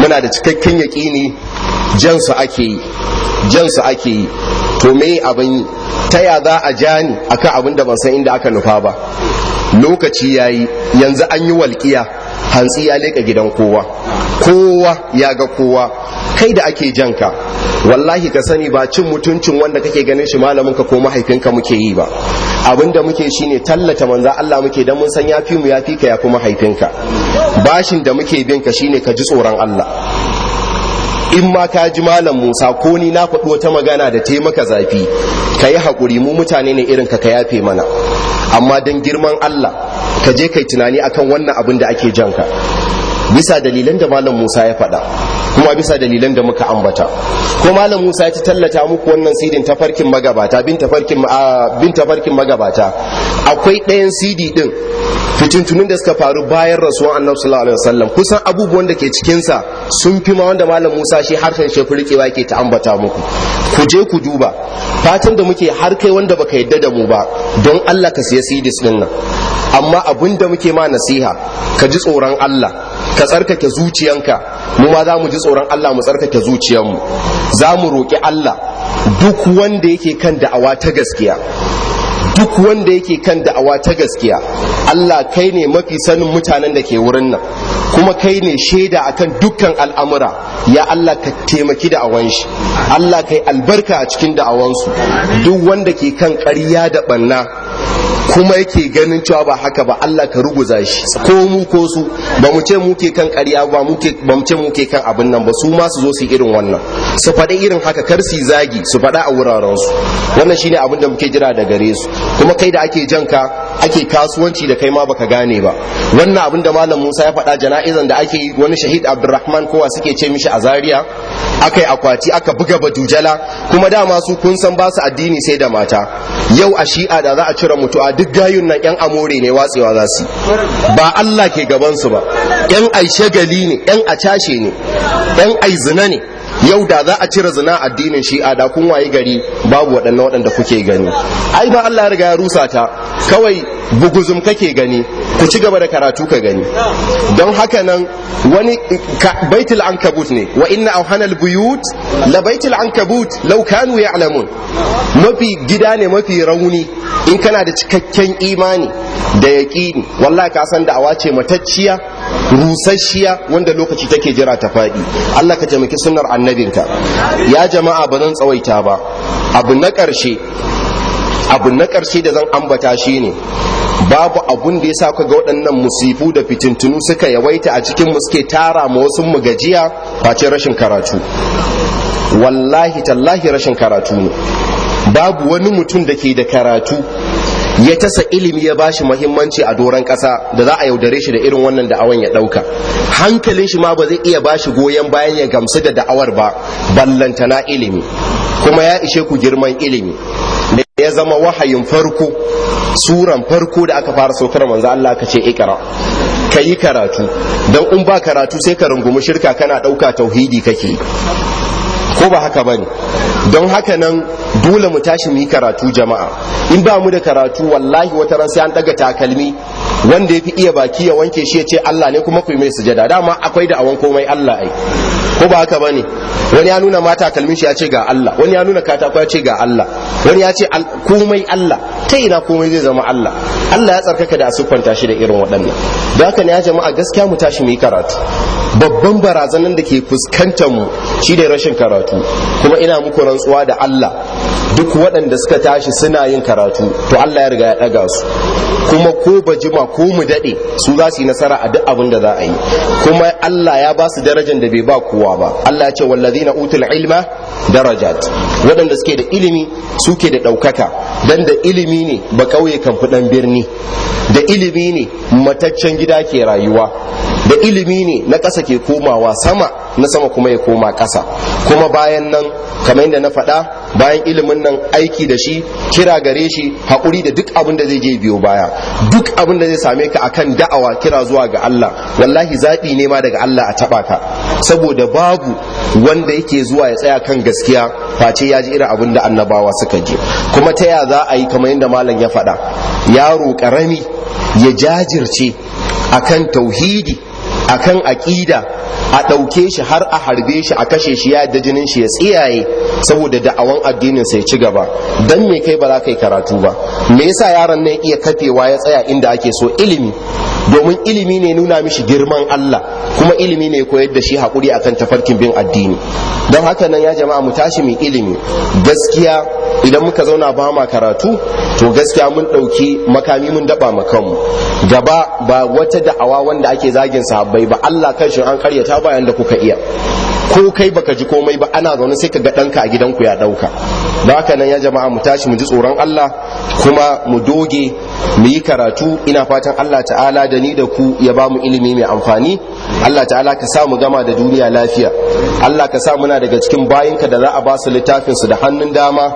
muna da cikakken yaƙini jansu ake yi jansu ake yi to me abin ta ya za a ja ni akan abin da ban san inda aka nufa ba lokaci ya yi yanzu an yi walƙiya hantsi ya leƙa gidan kowa kowa ya ga kowa kai da ake janka wallahi ka sani ba cin mutuncin wanda kake ganin shi malamin ka ko mahaifinka muke yi ba abinda muke shine tallata manzan Allah muke dan mun san yafi mu yafi ka ya kuma haifinka bashin da muke bin ka shine ka ji tsoron Allah in ma ka ji malam Musa ko ni na faɗo ta magana da maka zafi ka yi haƙuri mu mutane ne irin ka ka yafe mana amma don girman Allah ka je kai tunani akan wannan abin da ake janka bisa dalilan da malam Musa ya faɗa kuma bisa dalilan da muka ambata ko malam Musa ya ci tallata muku wannan sidin ta farkin magabata bin farkin bin farkin magabata akwai ɗayan sidi din fitintunin da suka faru bayan rasuwan annabi sallallahu alaihi wasallam kusan abubuwan da ke cikin sa sun fi ma wanda malam Musa shi harshen shi furkewa yake ta ambata muku ku je ku duba fatan da muke har kai wanda baka yadda da mu ba don Allah ka siya sidis din nan amma abun da muke ma nasiha ka ji tsoron Allah ka tsarkake zuciyanka mu ma za mu ji tsoron Allah mu tsarkake zuciyanmu za mu roƙi Allah duk wanda yake kan da'awa ta gaskiya duk wanda yake kan da'awa ta gaskiya Allah kai ne mafi sanin mutanen da ke wurin nan kuma kai ne shaida akan dukkan al'amura ya Allah ka taimaki da'awan shi Allah kai albarka a cikin da'awansu duk wanda ke kan ƙarya da ɓanna. kuma yake ganin cewa ba haka ba Allah ka ruguza shi ko mu ko su ba mu ce muke kan ƙarya ba muke ba mu ce muke kan abin nan ba su ma su zo su irin wannan su faɗi irin haka kar su zagi su faɗa a wuraren su wannan shine abin da muke jira da gare su kuma kai da ake janka ake kasuwanci da kai ma baka gane ba wannan abin da malam Musa ya faɗa jana'izan da ake yi wani shahid Abdulrahman kowa suke ce mishi a akai akwati aka buga badujala kuma dama su kun san ba su addini sai da mata yau a shi'a da za a cire mu to a duk gayun nan yan amore ne watsewa za su ba Allah ke gabansu ba yan ai shagali ne yan a ne yan aizina ne yau da za a cire zina addinin shi'a da kun waye gari babu waɗannan waɗanda kuke gani ai ba Allah ya riga ya rusa ta kawai buguzum kake gani ku ci gaba da karatu ka gani don haka nan wani baitul ankabut ne wa inna awhana albuyut la baitul ankabut law kanu ya'lamun mafi gida ne mafi rauni in kana da cikakken imani da yaƙini wallahi ka san da'awa ce matacciya rusasshiya wanda lokaci take jira ta faɗi Allah ka taimaki sunar annabinka ya jama'a ba zan tsawaita ba abu na ƙarshe abu na ƙarshe da zan ambata shi ne babu abun da ya sa ga waɗannan musifu da fitintunu suka yawaita a cikin suke tara ma wasu mu gajiya face rashin karatu wallahi tallahi rashin karatu ne babu wani mutum da ke da karatu ya tasa ilimi ya bashi muhimmanci a doron ƙasa da za a yaudare shi da irin wannan da'awan ya ɗauka hankalin shi ma ba zai iya bashi goyon bayan ya gamsu da da'awar ba ballantana ilimi kuma ya ishe ku girman ilimi da ya zama wahayin farko suran farko da aka fara saukar manzo Allah ka ce ikra ka yi karatu don in ba karatu sai ka rungumi shirka kana ɗauka tauhidi kake ko ba haka bane don haka nan dole mu tashi mu yi karatu jama'a in ba mu da karatu wallahi wata ran sai an daga takalmi wanda ya fi iya baki ya wanke shi ya ce Allah ne kuma ku yi mai sujada dama akwai da awon komai Allah ai ko ba haka bane wani ya nuna mata kalmin shi ya ce ga Allah wani ya nuna katako ya ce ga Allah wani ya ce komai Allah ta ina komai zai zama Allah Allah ya tsarkaka da kwanta shi da irin waɗannan da haka ne ya jama'a gaskiya mu tashi mu yi karatu babban barazanan da ke fuskantar mu shi da rashin karatu kuma ina muku rantsuwa da Allah duk waɗanda suka tashi suna yin karatu to Allah ya riga ya ɗaga su kuma ko ba jima ko mu daɗe su za su yi nasara a duk abin da za a yi kuma Allah ya ba su darajar da bai ba kowa ba Allah ya ce wallazina utul ilma darajat waɗanda suke da ilimi suke da ɗaukaka dan da ilimi ne ba ƙauye kan fuɗan birni da ilimi ne mataccen gida ke rayuwa da ilimi ne na ƙasa ke komawa sama na sama kuma ya koma ƙasa kuma bayan nan kamar yadda na faɗa bayan ilimin nan aiki da shi kira gare shi haƙuri da duk abin da zai je biyo baya duk abin da zai same ka akan da'awa kira zuwa ga Allah wallahi zaɓi ne ma daga Allah a taɓa ka saboda babu wanda yake zuwa ya tsaya kan gaskiya face ya ji irin abin da annabawa suka ji kuma ta ya za a yi kamar yadda malam ya faɗa yaro ƙarami ya jajirce akan tauhidi akan aƙida a ɗauke shi har a harbe shi a kashe shi ya jinin shi ya tsiyaye saboda da'awan addinin sai ci gaba dan me kai ba za ka yi karatu ba me yasa yaron nan iya kafewa ya tsaya inda ake so ilimi domin ilimi ne nuna mishi girman Allah kuma ilimi ne koyar da shi haƙuri akan tafarkin bin addini don haka nan ya jama'a mu tashi mu ilimi gaskiya idan muka zauna ba ma karatu to gaskiya mun ɗauki makami mun daba ma kanmu gaba ba wata da'awa wanda ake zagin sahabbai bai ba Allah kai shi an karyata bayan da kuka iya ko kai baka ji komai ba ana zaune sai ka ga ɗanka a gidanku ya ɗauka da haka nan ya jama'a mu tashi mu ji tsoron Allah kuma mu doge mu yi karatu ina fatan Allah ta'ala da ni da ku ya ba mu ilimi mai amfani Allah ta'ala ka sa mu gama da duniya lafiya Allah ka sa muna daga cikin bayinka da za a ba su littafin su da hannun dama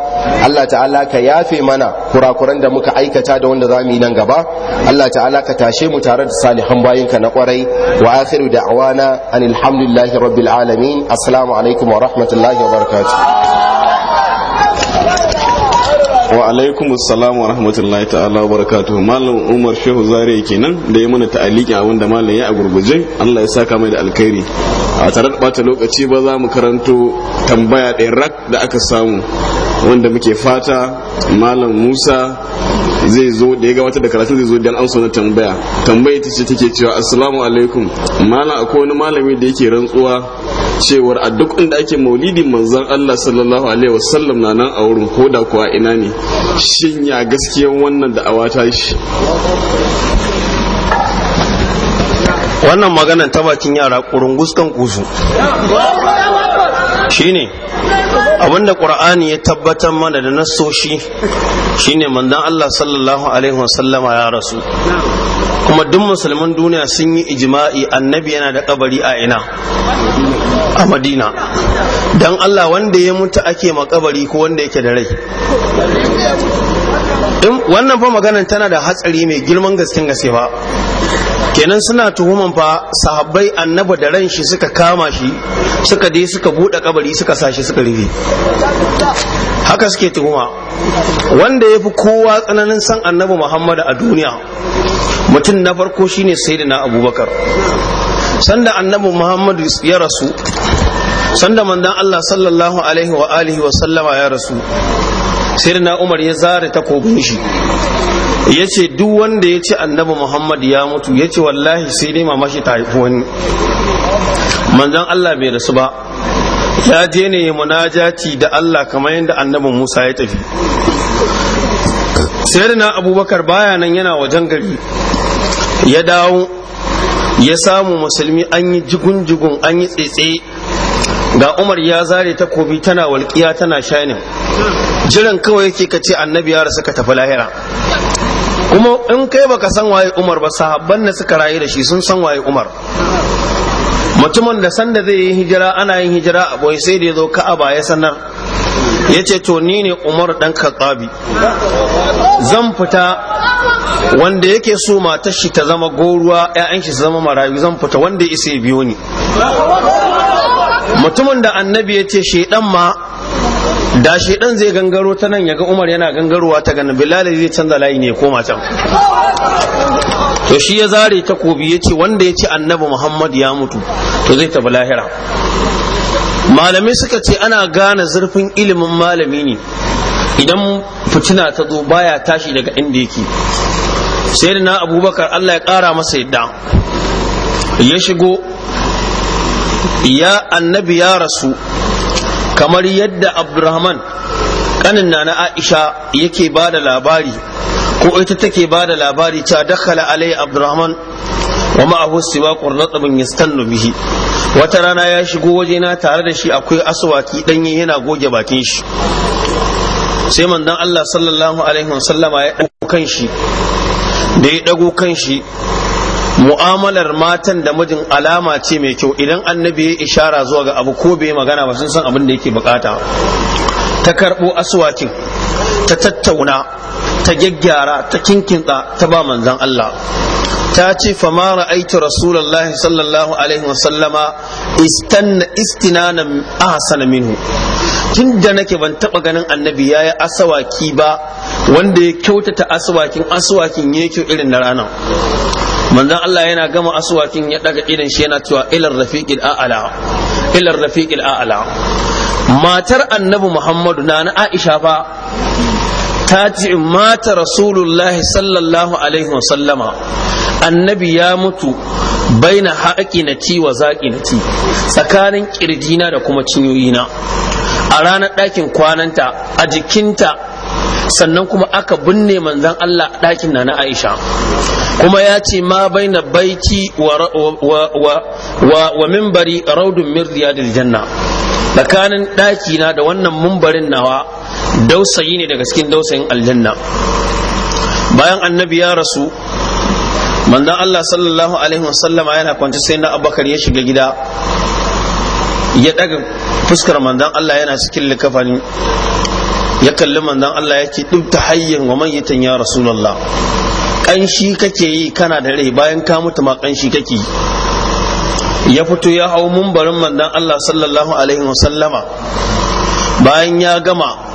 Allah ta'ala ka yafe mana kurakuran da muka aikata da wanda za mu yi nan gaba Allah ta'ala ka tashe mu tare da salihan bayinka na kwarai wa akhiru da'wana anil hamdulillahi rabbil alamin assalamu alaikum wa rahmatullahi wa barakatu wa alaikum assalamu wa rahmatullahi ta'ala wa barakatuhu malam umar shehu zare kenan da ya mana ta'aliki abin da malam ya a gurguje Allah ya saka mai da alkhairi a tare da bata lokaci ba za mu karanto tambaya ɗaya rak da aka samu wanda muke fata malam musa zai zo da ya gabatar da karatun zai zo dan an na tambaya tambaya ita ce take cewa assalamu alaikum malam akwai wani malami da yake rantsuwa cewar a duk inda ake maulidin manzon Allah sallallahu alaihi wasallam na nan a wurin koda kuwa ina ne shin ya gaskiyan wannan da awata shi wannan maganan ta bakin yara kurun kan kusu shine abinda qur'ani ya tabbatar mana da shi shine manzon Allah sallallahu alaihi wasallama ya rasu kuma duk musulman duniya sun yi ijma'i annabi yana da kabari a ina a madina don allah wanda ya mutu ake makabari ko wanda yake da rai wannan fa maganan tana da hatsari mai girman gaskin gaske ba kenan suna tuhuman fa sahabbai annaba da ran shi suka kama shi suka je suka buɗe kabari suka shi suka rufe haka suke tuhuma wanda ya fi kowa tsananin san annabi Muhammadu a duniya mutum na farko shine na abubakar sanda annabi muhammadu ya rasu sanda manzon Allah sallallahu alaihi wa alihi wa sallama ya rasu sirna umar ya zare takobin shi ya ce duk wanda ya ce annabi Muhammadu ya mutu ya ce wallahi sai dai mamashi ta haifi wani manzon Allah bai rasu ba ya je ne munajati da Allah kamar yadda annabi Musa ya tafi na abubakar baya nan yana wajen gari ya dawo ya samu musulmi an yi jigun-jigun an yi tsetse ga umar ya zare takobi tana walƙiya tana shanin jiran kawai yake ka ce annabi ya rasu ka tafi lahira kuma in kai baka san waye umar ba sahabban da suka rayu da shi sun san waye umar mutumin da sanda zai yi hijira ana yin hijira a boye sai da ya zo ka'aba ya sanar ya ce to ni ne umar dan kakabi zan fita wanda yake so matar shi ta zama goruwa 'ya'yan shi zama marayu zan fita wanda isa ya biyo ni mutumin da annabi ya ce shaidan ma da shaidan zai gangaro ta nan yaga umar yana gangarowa ta ganin bilal zai canza layi ne koma can to shi ya zare takobi ya ce wanda ya ce annabi muhammad ya mutu to zai tafi lahira Malami suka ce ana gane zurfin ilimin malami ne idan fitina ta zo baya tashi daga inda yake sai da na abubakar allah ya kara masa yadda ya shigo ya annabi ya rasu kamar yadda abdurrahman kanin na aisha yake ba da labari ko ita take ba da labari ta dakala alai abdurrahman wa ma'ahu siwaqur ratabin yastannu bihi wata rana ya shigo wajena tare da shi akwai aswaki danye yana goge bakin shi sai manzon Allah sallallahu alaihi wasallama ya dago kan shi da ya dago kan shi mu'amalar matan da mijin alama ce mai kyau idan annabi ya ishara zuwa ga abu ko bai magana ba sun san abin da yake bukata ta karbo aswakin ta tattauna ta gyaggyara ta kinkinta ta ba manzan Allah ta ce fama ra'aitu rasulullahi sallallahu alaihi wasallama istanna istinanan hasana minhu tun da nake ban taba ganin annabi ya yi asawaki ba wanda ya kyautata asawakin ya kyau irin na ranar manzan Allah yana gama asawakin ya daga irin shi yana cewa ilar rafiqil a'ala ilar rafiqil a'ala matar annabi Muhammadu na na Aisha fa in mata rasulullahi sallallahu alaihi wasallama annabi ya mutu baina haƙi na ci wa zaƙi na ci tsakanin ƙirjina da kuma cinyoyina a ranar ɗakin kwananta a jikinta sannan kuma aka binne manzan Allah ɗakin na na Aisha kuma ya ce ma baina baiti wa, wa, wa, mimbari raudun da janna tsakanin ɗakina da wannan mimbarin nawa dausayi ne daga cikin dausayin aljanna bayan annabi ya rasu manzon Allah sallallahu alaihi wasallama yana kwance sai na Abubakar ya shiga gida ya daga fuskar manzon Allah yana cikin likafani ya kalli manzon Allah yake ce ta hayyan wa yatan ya rasulullah kanshi kake yi kana da rai bayan ka mutu ma kanshi kake ya fito ya hau mumbarin manzon Allah sallallahu alaihi wasallama bayan ya gama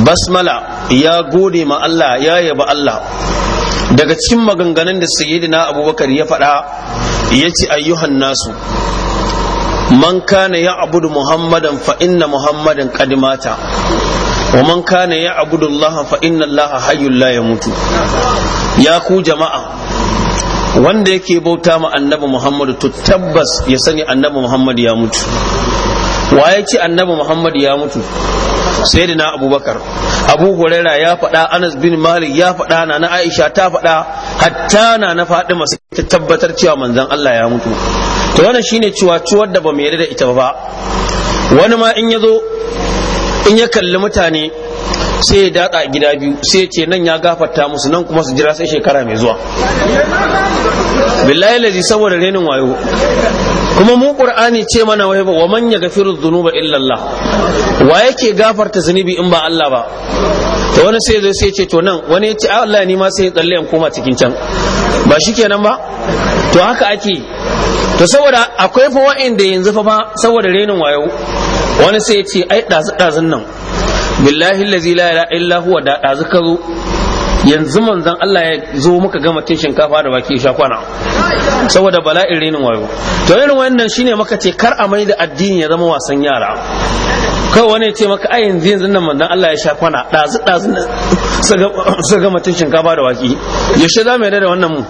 basmala ya gode ma Allah ya yaba Allah daga cikin maganganun da sayyidina abubakar ya faɗa ya ce ayyuhan nasu man kana ya abudu muhammadan fa inna muhammadan kadimata wa man kana ya abudu allaha fa inna allaha hayyul la yamutu ya ku jama'a wanda yake bauta ma annabi muhammadu to tabbas ya sani annabi muhammadu ya mutu waye ce annabi muhammad ya mutu sai da na abubakar abu huraira ya faɗa anas bin malik ya faɗa na na aisha ta faɗa hatta na na masu ta tabbatar cewa manzan allah ya mutu to wannan shine cewa ciwar da ba mu yarda da ita ba wani ma in ya zo in ya kalli mutane sai ya datsa gida biyu sai ya ce nan ya gafarta musu nan kuma su jira sai shekara mai zuwa billahi lazi saboda renin wayo kuma mu qur'ani ce mana wai wa man yaghfiru dhunuba illa Allah wa yake gafarta zunubi in ba Allah ba to wani sai zai sai ce to nan wani ya ce Allah ni ma sai tsalle in koma cikin can ba shikenan ba to haka ake to saboda akwai fa da yanzu fa ba saboda renin wayo wani sai ya ce ai dazu dazun nan billahi allazi la ilaha illa huwa da dazu ka zo yanzu manzon Allah ya zo muka gama cin shinkafa da baki sha kwana saboda bala'in renin wayo to irin wannan shine maka ce kar a mai da addini ya zama wasan yara kai wani ce maka a yanzu yanzu nan manzon Allah ya sha kwana dazu dazu sa gama cin shinkafa da waki ya shi za mu da wannan mu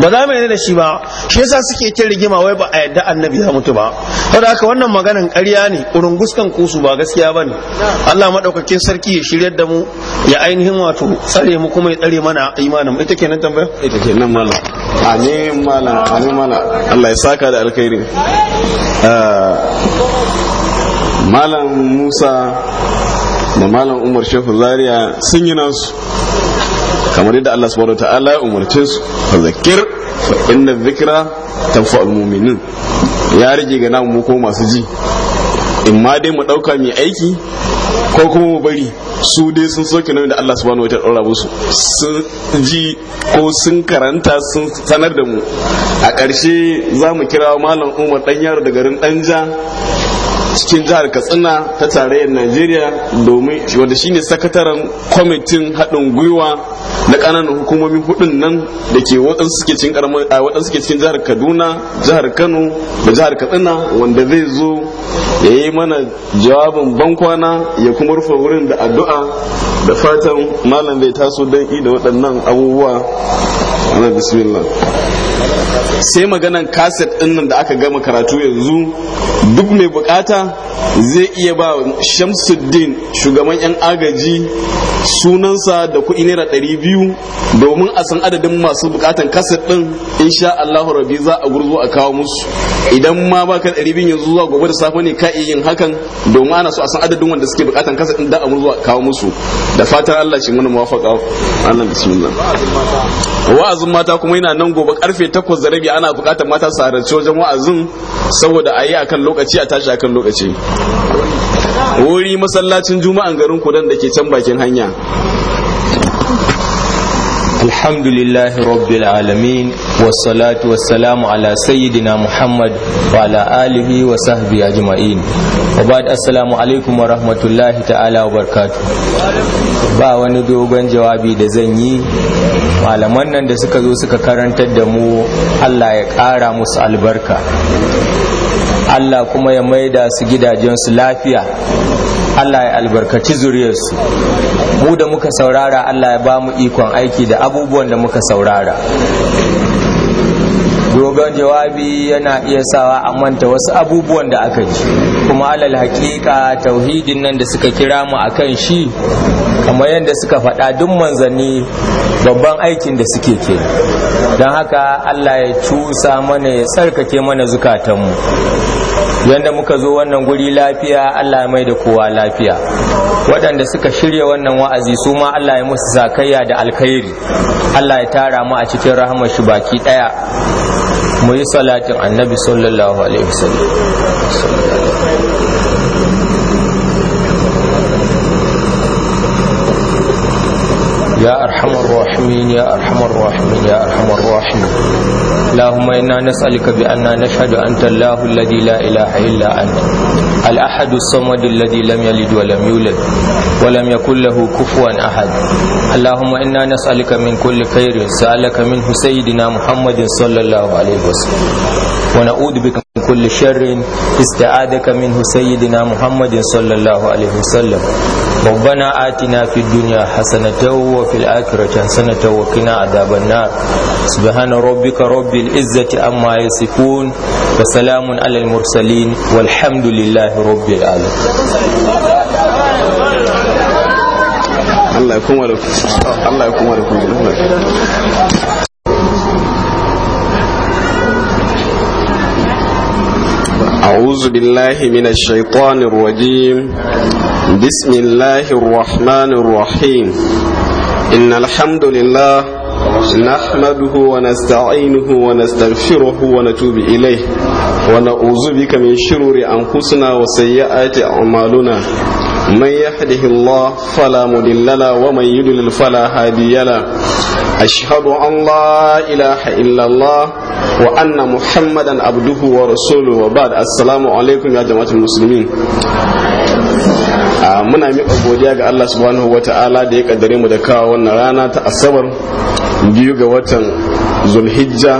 ba za mu yi da shi ba shi yasa suke ta rigima wai ba a yadda annabi ya mutu ba da haka wannan maganan ƙarya ne urunguskan kusu ba gaskiya bane Allah madaukakin sarki ya shirya da mu ya ainihin wato tsare mu kuma ya tsare mana imanin ita kenan tambaya ita kenan malam amin malam amin malam Allah ya saka da alkhairi ah, malam Musa da malam Umar Shehu Zaria sun yi nasu kamar yadda Allah subhanahu wa ta'ala ya umarce su zakir fa inna dhikra tanfa mu'minin ya rage ga namu ko masu ji in ma dai mu dauka mai aiki ko kuma mu bari su dai sun soke nan da Allah subhanahu wa ta'ala musu sun ji ko sun karanta sun sanar da mu a ƙarshe za mu kira malam Umar dan yaro da garin Danja cikin jihar katsina ta tarayyar najeriya domin wanda shine sakataren kwamitin haɗin gwiwa na ƙananan hukumomi hudun nan da ke waɗansu suke cikin waɗansu jihar kaduna jihar kano da jihar katsina wanda zai zo ya yi mana jawabin bankwana ya kuma rufe wurin da addu'a da fatan malam zai taso don da waɗannan abubuwa ana bismillah sai maganan kaset ɗinnan da aka gama karatu yanzu duk mai bukata zai iya ba Shamsuddin shugaban 'yan agaji sunansa da kuɗi naira ɗari biyu domin a san adadin masu bukatan kasar ɗin insha Allahu rabi za a gurzo a kawo musu idan ma baka ɗari biyu yanzu zuwa gobe da safe ne ka iya yin hakan domin ana so a san adadin wanda suke bukatan kasar ɗin da a gurzo a kawo musu da fatan Allah shi mana muwafaqa Allah bismillah wa'azin mata kuma yana nan gobe karfe 8 da rabi ana bukatan mata su halarci wajen wa'azin saboda a yi akan lokaci a tashi akan lokaci ce wuri masallacin juma'an garin kudan da ke can bakin hanya alhamdulillah rabbil alamin wassalatu wassalamu ala sayyidina muhammad wa ala alihi wa sahbihi ajma'in wa ba'd assalamu alaikum wa rahmatullahi ta'ala wa barakatuh ba wani dogon jawabi da zan yi malaman nan da suka zo suka karantar da mu Allah ya kara musu albarka Allah kuma ya maida su gidajensu lafiya Allah ya albarkaci zuriyarsu mu da muka saurara Allah ya ba mu ikon aiki da abubuwan da muka saurara dogon jawabi yana iya sawa a manta wasu abubuwan da aka ji kuma alal hakika tauhidin nan da suka kira mu akan shi kamar yadda suka faɗa duk manzanni babban aikin da suke ke don haka allah ya cusa mana ya tsarkake mana zukatanmu yadda muka zo wannan guri lafiya allah mai da kowa lafiya waɗanda suka shirya wannan wa'azi su ma allah ya musu zakayya da alkhairi allah ya tara mu a cikin rahamar shi baki ɗaya mu yi salatin annabi sallallahu alaihi wasallam يا أرحم الراحمين يا أرحم الراحمين يا أرحم الراحمين اللهم إنا نسألك بأننا نشهد أنت الله الذي لا إله إلا أنت الأحد الصمد الذي لم يلد ولم يولد ولم يكن له كفوا أحد اللهم إنا نسألك من كل خير سألك منه سيدنا محمد صلى الله عليه وسلم ونعوذ بك كل شر استعاذك منه سيدنا محمد صلى الله عليه وسلم ربنا آتنا في الدنيا حسنة وفي الآخرة حسنة وقنا عذاب النار سبحان ربك رب العزة عما يصفون وسلام على المرسلين والحمد لله رب العالمين Allah ya kuma da Allah ya kuma da kuma أعوذ بالله من الشيطان الرجيم بسم الله الرحمن الرحيم إن الحمد لله نحمده ونستعينه ونستغفره ونتوب إليه ونعوذ بك من شرور أنفسنا وسيئات أعمالنا من يهده الله فلا مضل له ومن يضلل فلا هادي له أشهد أن لا إله إلا الله وأن محمدا عبده ورسوله وبعد السلام عليكم يا جماعة المسلمين muna mi godiya ga Allah subhanahu wa ta'ala da ya kaddare mu da kawo wannan rana ta asabar biyu ga watan zulhijja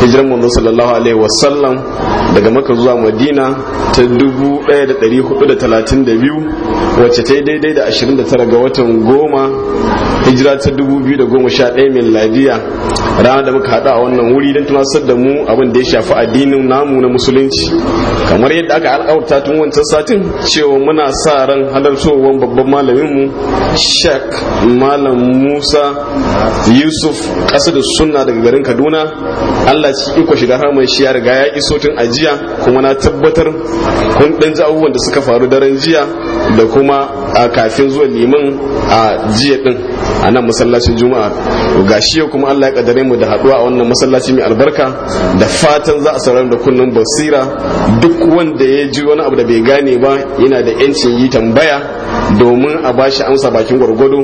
hijiran manzo sallallahu alaihi wasallam daga maka zuwa madina ta 1432 wacce ta yi daidai da 29 ga watan goma hijira ta 2011 miladiya rana da muka haɗu a wannan wuri don tunasar da mu abin da ya shafi addinin namu na musulunci kamar yadda aka alƙawarta tun wancan satin cewa muna sa ran halartowar babban malaminmu shek malam musa yusuf ƙasa da sunna daga garin kaduna Allah shi iko shiga haramun shi ya riga ya iso tun ajiya kuma na tabbatar kun dan ji abubuwan da suka faru daren jiya da kuma a kafin zuwa liman a jiya din a nan masallacin juma'a gashi kuma Allah ya kaddare mu da haɗuwa a wannan masallaci mai albarka da fatan za a saurari da kunnen basira duk wanda ya ji wani abu da bai gane ba yana da yancin yi tambaya domin a ba shi amsa bakin gwargwado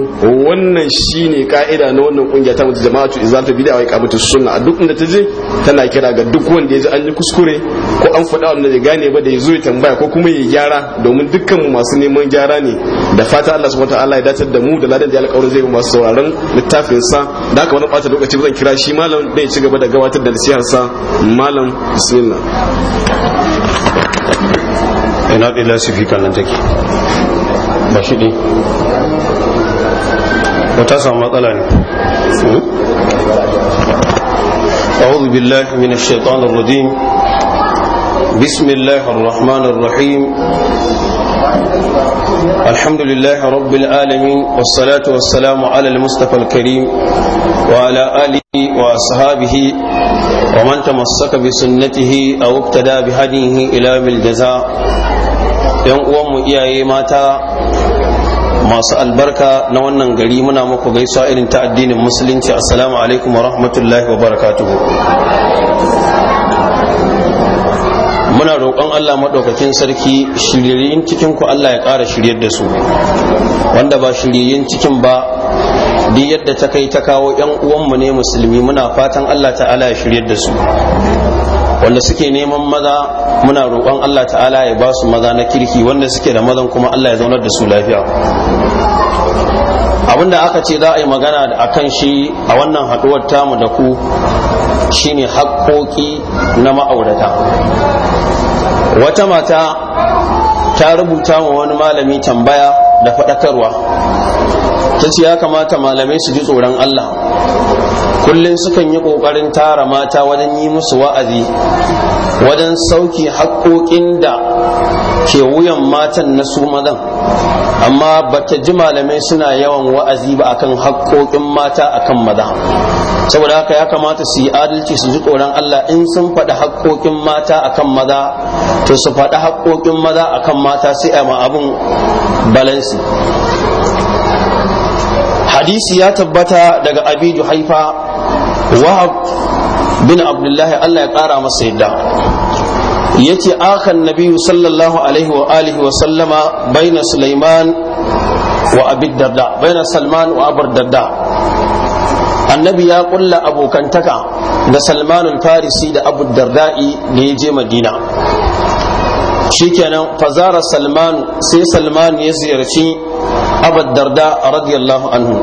wannan shine ka'ida na wannan kungiya ta mutu jama'atu izalatu bid'a wa iqamatu sunna a duk inda ta je tana kira ga duk wanda ya ji an yi kuskure ko an faɗa wanda ya gane ba da ya zo ya tambaya ko kuma ya gyara domin dukkan mu masu neman gyara ne da fata Allah subhanahu wataala ya dace da mu da ladan da alƙawarin zai masu sauraron littafin sa da aka wani bata lokaci zan kira shi malam da ya ci gaba da gabatar da nasihar sa malam bismillah ina da lasifi kallon take ba shi ne wata samu matsala ne أعوذ بالله من الشيطان الرجيم بسم الله الرحمن الرحيم الحمد لله رب العالمين والصلاة والسلام على المصطفى الكريم وعلى آله وأصحابه ومن تمسك بسنته أو ابتدى بهديه إلى الجزاء yan uwanmu iyaye mata masu albarka na wannan gari muna muku gaisuwa irin ta addinin musulunci assalamu alaikum wa rahmatullahi wa barakatuhu muna roƙon Allah maɗaukakin sarki shiryayyen cikin ku Allah ya ƙara shiryar da su wanda ba shiryayyen cikin ba duk yadda ta kai ta kawo 'yan uwanmu ne musulmi muna fatan Allah ta'ala ya shiryar da su wanda suke neman maza muna roƙon Allah ta'ala ya ba su maza na kirki wanda suke da mazan kuma Allah ya zaunar da su lafiya abinda aka ce za a yi magana a kan shi a wannan haɗuwar tamu da ku shine haƙƙoƙi na ma'aurata wata mata ta rubuta wa wani malami tambaya da faɗakarwa ta ce ya kamata malamai su ji tsoron Allah kullum sukan yi ƙoƙarin tara mata wajen yi musu wa'azi wajen sauki haƙoƙin da ke wuyan matan na su mazan amma bata ji malamai suna yawan wa'azi ba akan haƙoƙin mata akan maza saboda haka ya kamata su yi adalci su ji tsoron Allah in sun faɗi haƙoƙin mata akan maza to su faɗi haƙoƙin maza akan mata sai a ma abin balansi hadisi ya tabbata daga abi Haifa. wahab bin abdullahi Allah ya kara masa yadda yace akan nabi sallallahu alaihi wa alihi wa sallama baina sulaiman wa abi darda baina salman wa abu darda annabi ya kulla abokantaka da salman farisi da abu darda'i da je madina shikenan fazara salman sai salman ya ziyarci abu darda radiyallahu anhu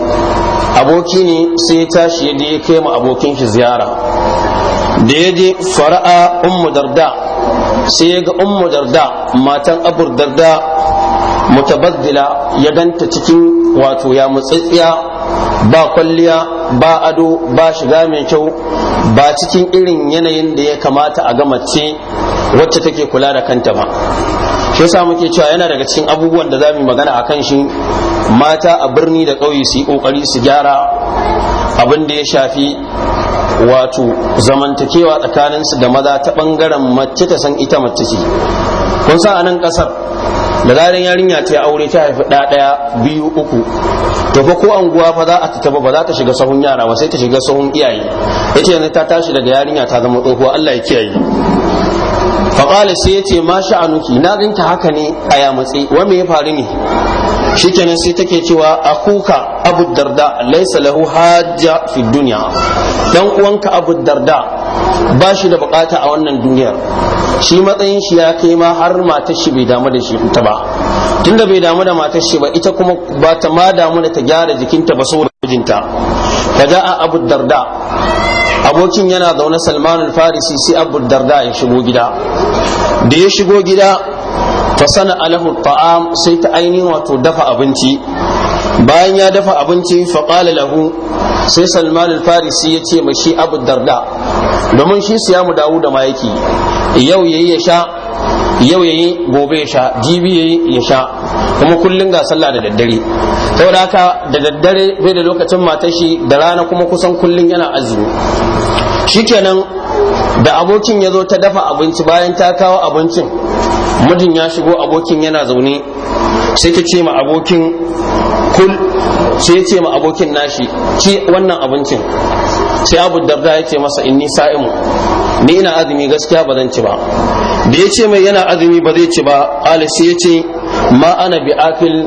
aboki ne sai ya tashi ya ya kai ma abokin shi ziyara da ya je fara'a ummu darda sai ya ga ummu darda matan abur darda mutabaddila ya ganta cikin wato ya mutsitsiya ba kwalliya ba ado ba shiga mai kyau ba cikin irin yanayin da ya kamata a ga mace wacce take kula da kanta ba shi yasa muke cewa yana daga cikin abubuwan da zamu magana akan shi mata a birni da kauye su yi ƙoƙari su gyara abin da ya shafi wato zamantakewa tsakaninsu da maza ta bangaren mace ta san ita mace ce kun sa a nan da zaran yarinya ta aure ta haifi ɗa ɗaya biyu uku to fa ko anguwa fa za a ta ba za ta shiga sahun yara ba sai ta shiga sahun iyaye yace yanzu ta tashi daga yarinya ta zama tsohuwa Allah ya kiyaye faƙali sai ya ce ma sha'anuki na ganta haka ne a yamatsi wa me ya faru ne shi kenan sai take cewa kuka abu darda laisa lahu hajja fi duniya dan uwanka abu darda ba shi da bukata a wannan duniyar shi matsayin shi ya kai ma har matar shi bai damu da shi ta ba tunda bai damu da matar ba ita kuma ba ta ma damu da ta gyara jikinta ba saboda mijinta kaja a abu darda abokin yana zaune salmanul farisi sai abu darda ya shigo gida da ya shigo gida fa sana alahu ta'am sai ta ainihin wato dafa abinci bayan ya dafa abinci fa qala lahu sai salmanul farisi ya ce mashi abu darda domin shi mu dawo da mayaki yau yayi ya sha yau yayi gobe ya sha jibi yayi ya sha kuma kullun ga sallah da daddare saboda haka da daddare bai da lokacin matar shi da rana kuma kusan kullun yana azumi shikenan da abokin ya zo ta dafa abinci bayan ta kawo abincin mijin ya shigo abokin yana zaune sai ta ce ma abokin kul sai ya ce ma abokin nashi ci wannan abincin sai abu darda ya ce masa inni sa'imu ni ina azumi gaskiya ba zan ci ba da ya ce mai yana azumi ba zai ci ba qala ya ce ma ana bi afil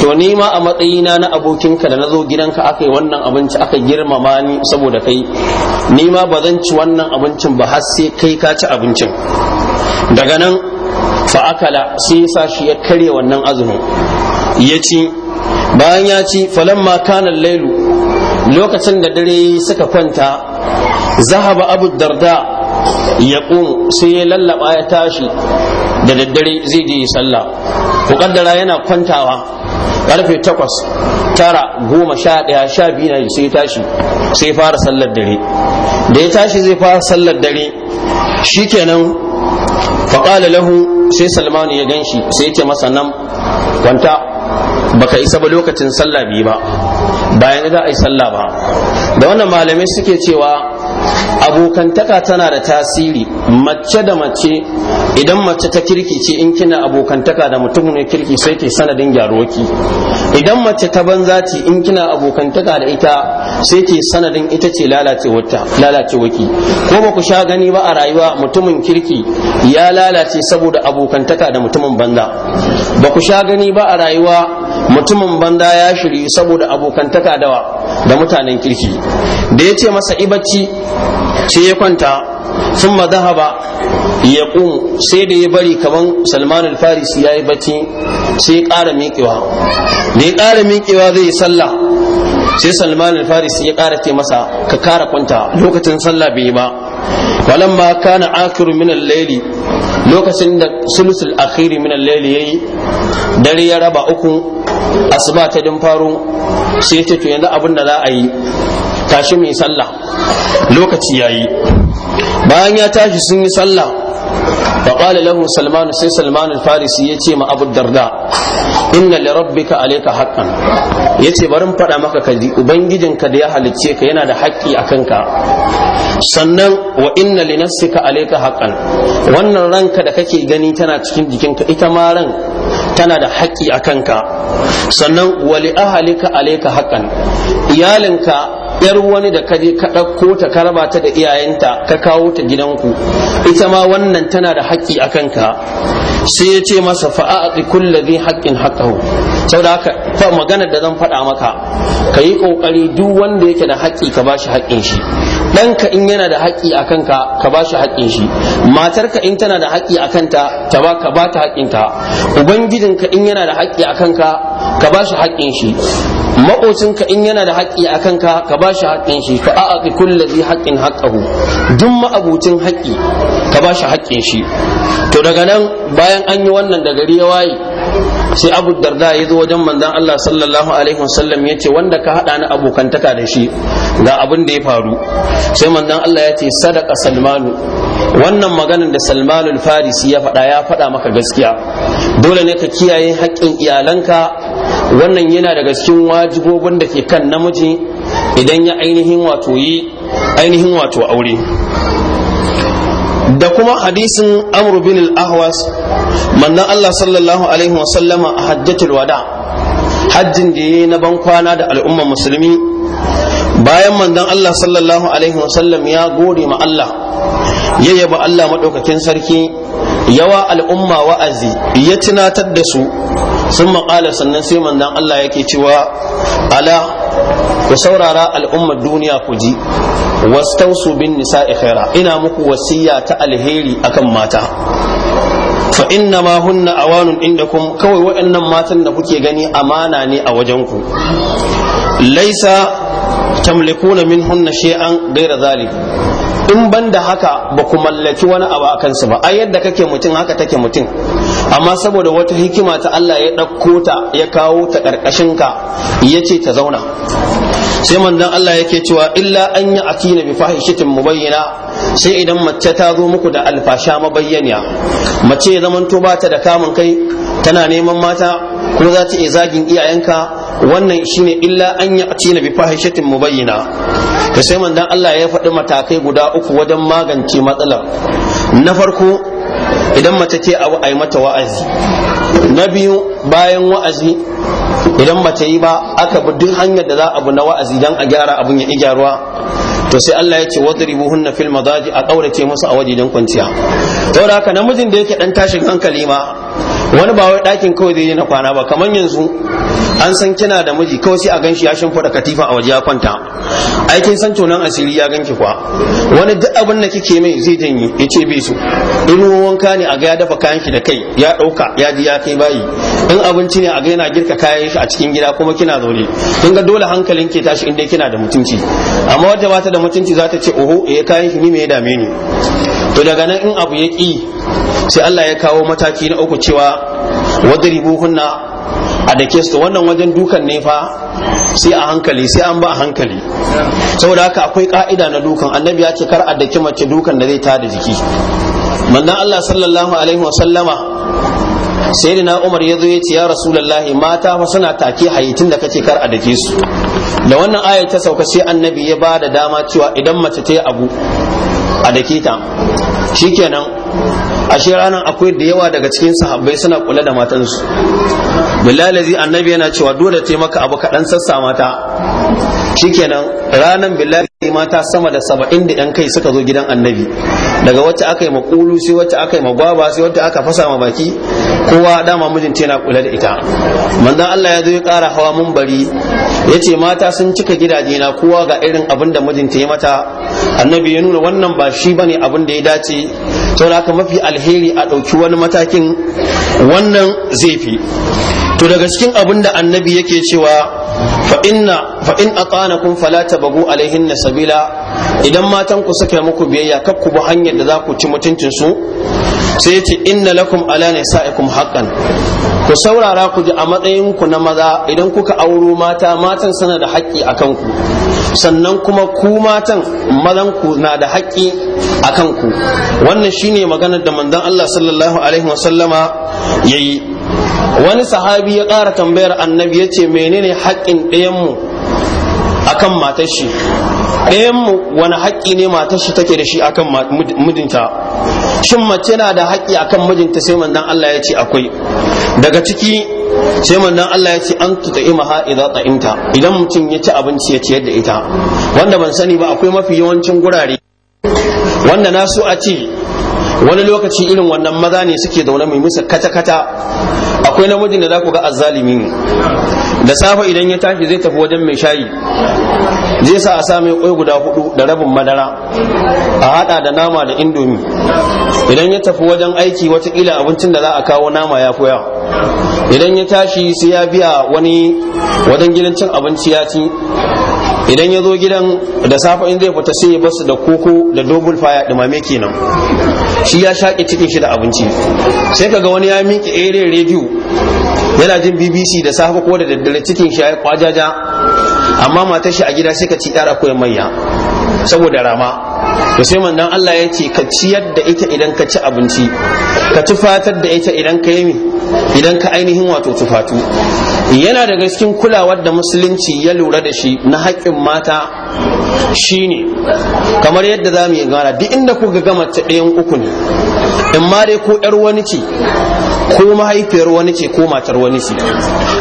to ni ma a matsayina na abokinka da na zo gidanka aka yi wannan abinci aka girmama ni saboda kai ni ma ba zan ci wannan abincin ba har sai kai ka ci abincin daga nan fa akala sai ya shi ya karya wannan azumin ya ci bayan ya ci falamma kanan lailu lokacin da dare suka kwanta zahaba abu darda ya sai ya lallaba ya tashi da daddare zai je yi sallah ku kaddara yana kwantawa karfe takwas tara goma sha ɗaya sha biyu na sai tashi sai fara sallar dare da ya tashi zai fara sallar dare shikenan faƙala lahu sai salmanu ya ganshi sai ce masa nan kwanta baka isa ba lokacin sallah biyu ba bayan za a yi sallah ba da wannan malamai suke cewa abokantaka tana da tasiri mace da mace idan mace ta kirki ce in kina abokantaka da mutum ne kirki sai ke sanadin gyaruwaki idan mace ta banza ce in kina abokantaka da ita sai ke sanadin ita ce lalacewaki ko ba ku sha gani ba a rayuwa mutumin kirki ya lalace saboda abokantaka da mutumin banza ba ku sha gani ba a rayuwa mutumin banda ya shiri saboda abokantaka dawa da mutanen kirki da ya ce masa ibacci sai ya kwanta sun ba ya ƙun sai da ya bari kaman salman al ya yi bacci sai ya ƙara miƙewa da ya ƙara miƙewa zai yi sallah sai salman al ya ƙara ce masa ka kara kwanta lokacin sallah bai yi ba falamma kana akiru min al-layli lokacin da sulusul akhiri min al-layli yayi dare ya raba uku asuba ta din faro sai ta to yanzu abin za a yi tashi mai sallah lokaci yayi bayan ya tashi sun yi sallah فقال له سلمان سي سلمان الفارسي يتي ما أبو الدرداء إن لربك عليك حقا يتي برم فدا مكا كجي وبنجدن كديا حلتيك ينا دا حقي أكنك sannan wa inna li nafsika alayka haqqan wannan ranka da kake gani tana cikin jikinka ita ma ran tana da haƙƙi a kanka sannan wa li ahlika iyalinka yar wani da kaje ka ɗauko ta ka raba ta da iyayenta ka kawo ta gidanku ita ma wannan tana da haƙƙi a kanka sai ya ce masa fa'a'ati kulladhi haqqin Sau saboda haka fa magana da zan faɗa maka ka yi ƙoƙari duk wanda yake da haƙƙi ka bashi haƙƙin shi ɗanka in yana da haƙƙi a kanka ka bashi haƙƙin shi matarka in tana da haƙƙi a kanta ta ba ka bata haƙƙinta ubangijinka in yana da haƙƙi a kanka ka bashi haƙƙin shi maƙocinka in yana da haƙƙi a kanka ka bashi haƙƙin shi fa a'ati kulladhi haqqin haqqahu duk ma'abucin haƙƙi ka ba shi haƙƙin shi to daga nan bayan an yi wannan da gari ya waye sai abu darda ya zo wajen manzan Allah sallallahu alaihi wasallam ya ce wanda ka haɗa ni abokantaka da shi ga abin da ya faru sai manzon Allah ya ce sadaka salmanu wannan maganin da salmanul farisi ya faɗa ya faɗa maka gaskiya dole ne ka kiyaye haƙƙin iyalanka wannan yana daga cikin wajibobin da ke kan namiji idan ya ainihin wato yi ainihin wato aure da kuma hadisin amru bin al-ahwas mannan Allah sallallahu alaihi wa sallama a hajjatul wada hajjin da yayi na ban kwana da al'ummar musulmi bayan mandan Allah sallallahu alaihi wa sallam ya gode ma Allah ya yaba Allah madaukakin sarki yawa al'umma wa'azi ya tunatar da su sun maƙala sannan sai mandan Allah yake cewa ala ku saurara al'ummar duniya ku ji wastausu bin nisa khaira ina muku wasiya ta alheri akan mata fa inna ma hunna awanun indakum kawai waɗannan matan da kuke gani amana ne a wajen ku laisa tamlikuna min hunna shay'an ghaira zalik in ban da haka ba ku mallaki wani abu a kansu ba a yadda kake mutum haka take mutum amma saboda wata hikima ta Allah ya ɗauko ta ya kawo ta ƙarƙashin ka ya ce ta zauna sai manzon Allah yake cewa illa an yi atina bi fahishatin mubayyana sai idan mace ta zo muku da alfasha mabayyaniya mace ya zamanto ba ta da kamun kai tana neman mata ko za ta iya zagin iyayenka wannan shine illa an yi atina bi fahishatin mubayyana to sai dan Allah ya faɗi matakai guda uku wajen magance matsalar na farko idan mace ce a ai mata wa'azi na biyu bayan wa'azi idan mace yi ba aka bi duk hanyar da za a bi na wa'azi dan a gyara abun ya gyaruwa to sai Allah ya ce wadribuhunna fil madaji a kaurace musu a wajen kwanciya to haka namijin da yake dan tashin hankali ma wani ba wai ɗakin kawai zai yi na kwana ba kamar yanzu an san kina da miji kawai sai a shi ya shimfiɗa katifa a waje ya kwanta aikin san tunan asiri ya ganki kwa wani duk abin da kike mai zai janye ya ce bai su in wanka ne a ga ya dafa kayan shi da kai ya ɗauka ya ji ya kai bayi in abinci ne a ga yana girka kayan shi a cikin gida kuma kina zaune kin ga dole hankalin ke tashi inda kina da mutunci amma wata bata da mutunci za ta ce oho eh kayan shi ni me ya dame ni to daga nan in abu ya ƙi sai Allah ya kawo mataki na uku cewa wadribu hunna a da su wannan wajen dukan ne fa sai a hankali sai an ba a hankali saboda haka akwai ka'ida na dukan annabi ya ce kar a daki mace dukan da zai ta da jiki manzon Allah sallallahu alaihi wasallama sayyidina Umar ya zo ya ce ya rasulullahi mata fa suna take hayatin da kace kar a dake su da wannan ayar ta sauka sai annabi ya ba da dama cewa idan mace ta yi abu a dake ta 其节能。ashe ranar akwai da yawa daga cikin sahabbai suna kula da matansu bilalazi annabi yana cewa dole ta maka abu kaɗan sassa mata kenan ranar bilalazi mata sama da saba'in da yan kai suka zo gidan annabi daga wacce aka yi makulu sai wacce aka yi magwaba sai wacce aka fasa ma baki kowa dama mijinta yana kula da ita manzon Allah ya zo ya kara hawa mun bari. ya ce mata sun cika gidaje na kowa ga irin abin da mijinta ya mata annabi ya nuna wannan ba shi ba ne abin da ya dace saboda haka mafi alheri a ɗauki wani matakin wannan zai fi to daga cikin abin da annabi yake cewa fa in kun fala tabagu alaihin sabila idan matan ku suka muku biyayya kar ku bi hanyar da za ku ci mutuncin su sai yace inna lakum ala nisaikum haqqan ku saurara ku ji a matsayin ku na maza idan kuka auro mata matan suna da haƙƙi a kanku sannan kuma ku matan mazan na da haƙƙi a kanku wannan shine maganar da manzon Allah sallallahu alaihi wasallama yayi wani sahabi ya ƙara tambayar annabi ya ce menene haƙƙin ɗayanmu a kan matashi? ɗayanmu wani haƙƙi ne matashi take da shi akan mijinta shin mace na da haƙƙi akan mijinta sai manzon Allah ya ce akwai daga ciki sai manzon Allah ya ce an tutaimaha ta ta'imta idan mutum ya ci abinci ya ciyar da ita wanda ban sani ba akwai mafi yawancin gurare wanda na so a ce wani lokaci irin wannan maza ne suke zaune mai musu kata-kata akwai namijin da za ku ga azzalimi ne da safe idan ya tashi zai tafi wajen mai shayi zai sa a sa mai kwai guda hudu da rabin madara a hada da nama da indomi idan ya tafi wajen aiki watakila abincin da za a kawo nama ya koya idan ya tashi sai ya biya wani wajen gidan cin abinci ya ci idan ya zo gidan da safa in zai fita sai ya basu da koko da dogon faya dumame kenan shi ya shaƙi cikin shi da abinci sai kaga wani ya miƙe ere rediyo yana jin bbc da safe ko da daddare cikin shi ya kwajaja amma matar shi a gida sai ka ci yar akwai manya saboda rama to sai dan Allah ya ce ka ciyar da ita idan ka ci abinci ka fatar da ita idan ka yi idan ka ainihin wato tufatu yana daga cikin kulawar da musulunci ya lura da shi na haƙƙin mata shine kamar yadda za mu yi gana duk inda kuka gama ta ɗayan uku ne in ma dai ko ƴar wani ce ko mahaifiyar wani ce ko matar wani ce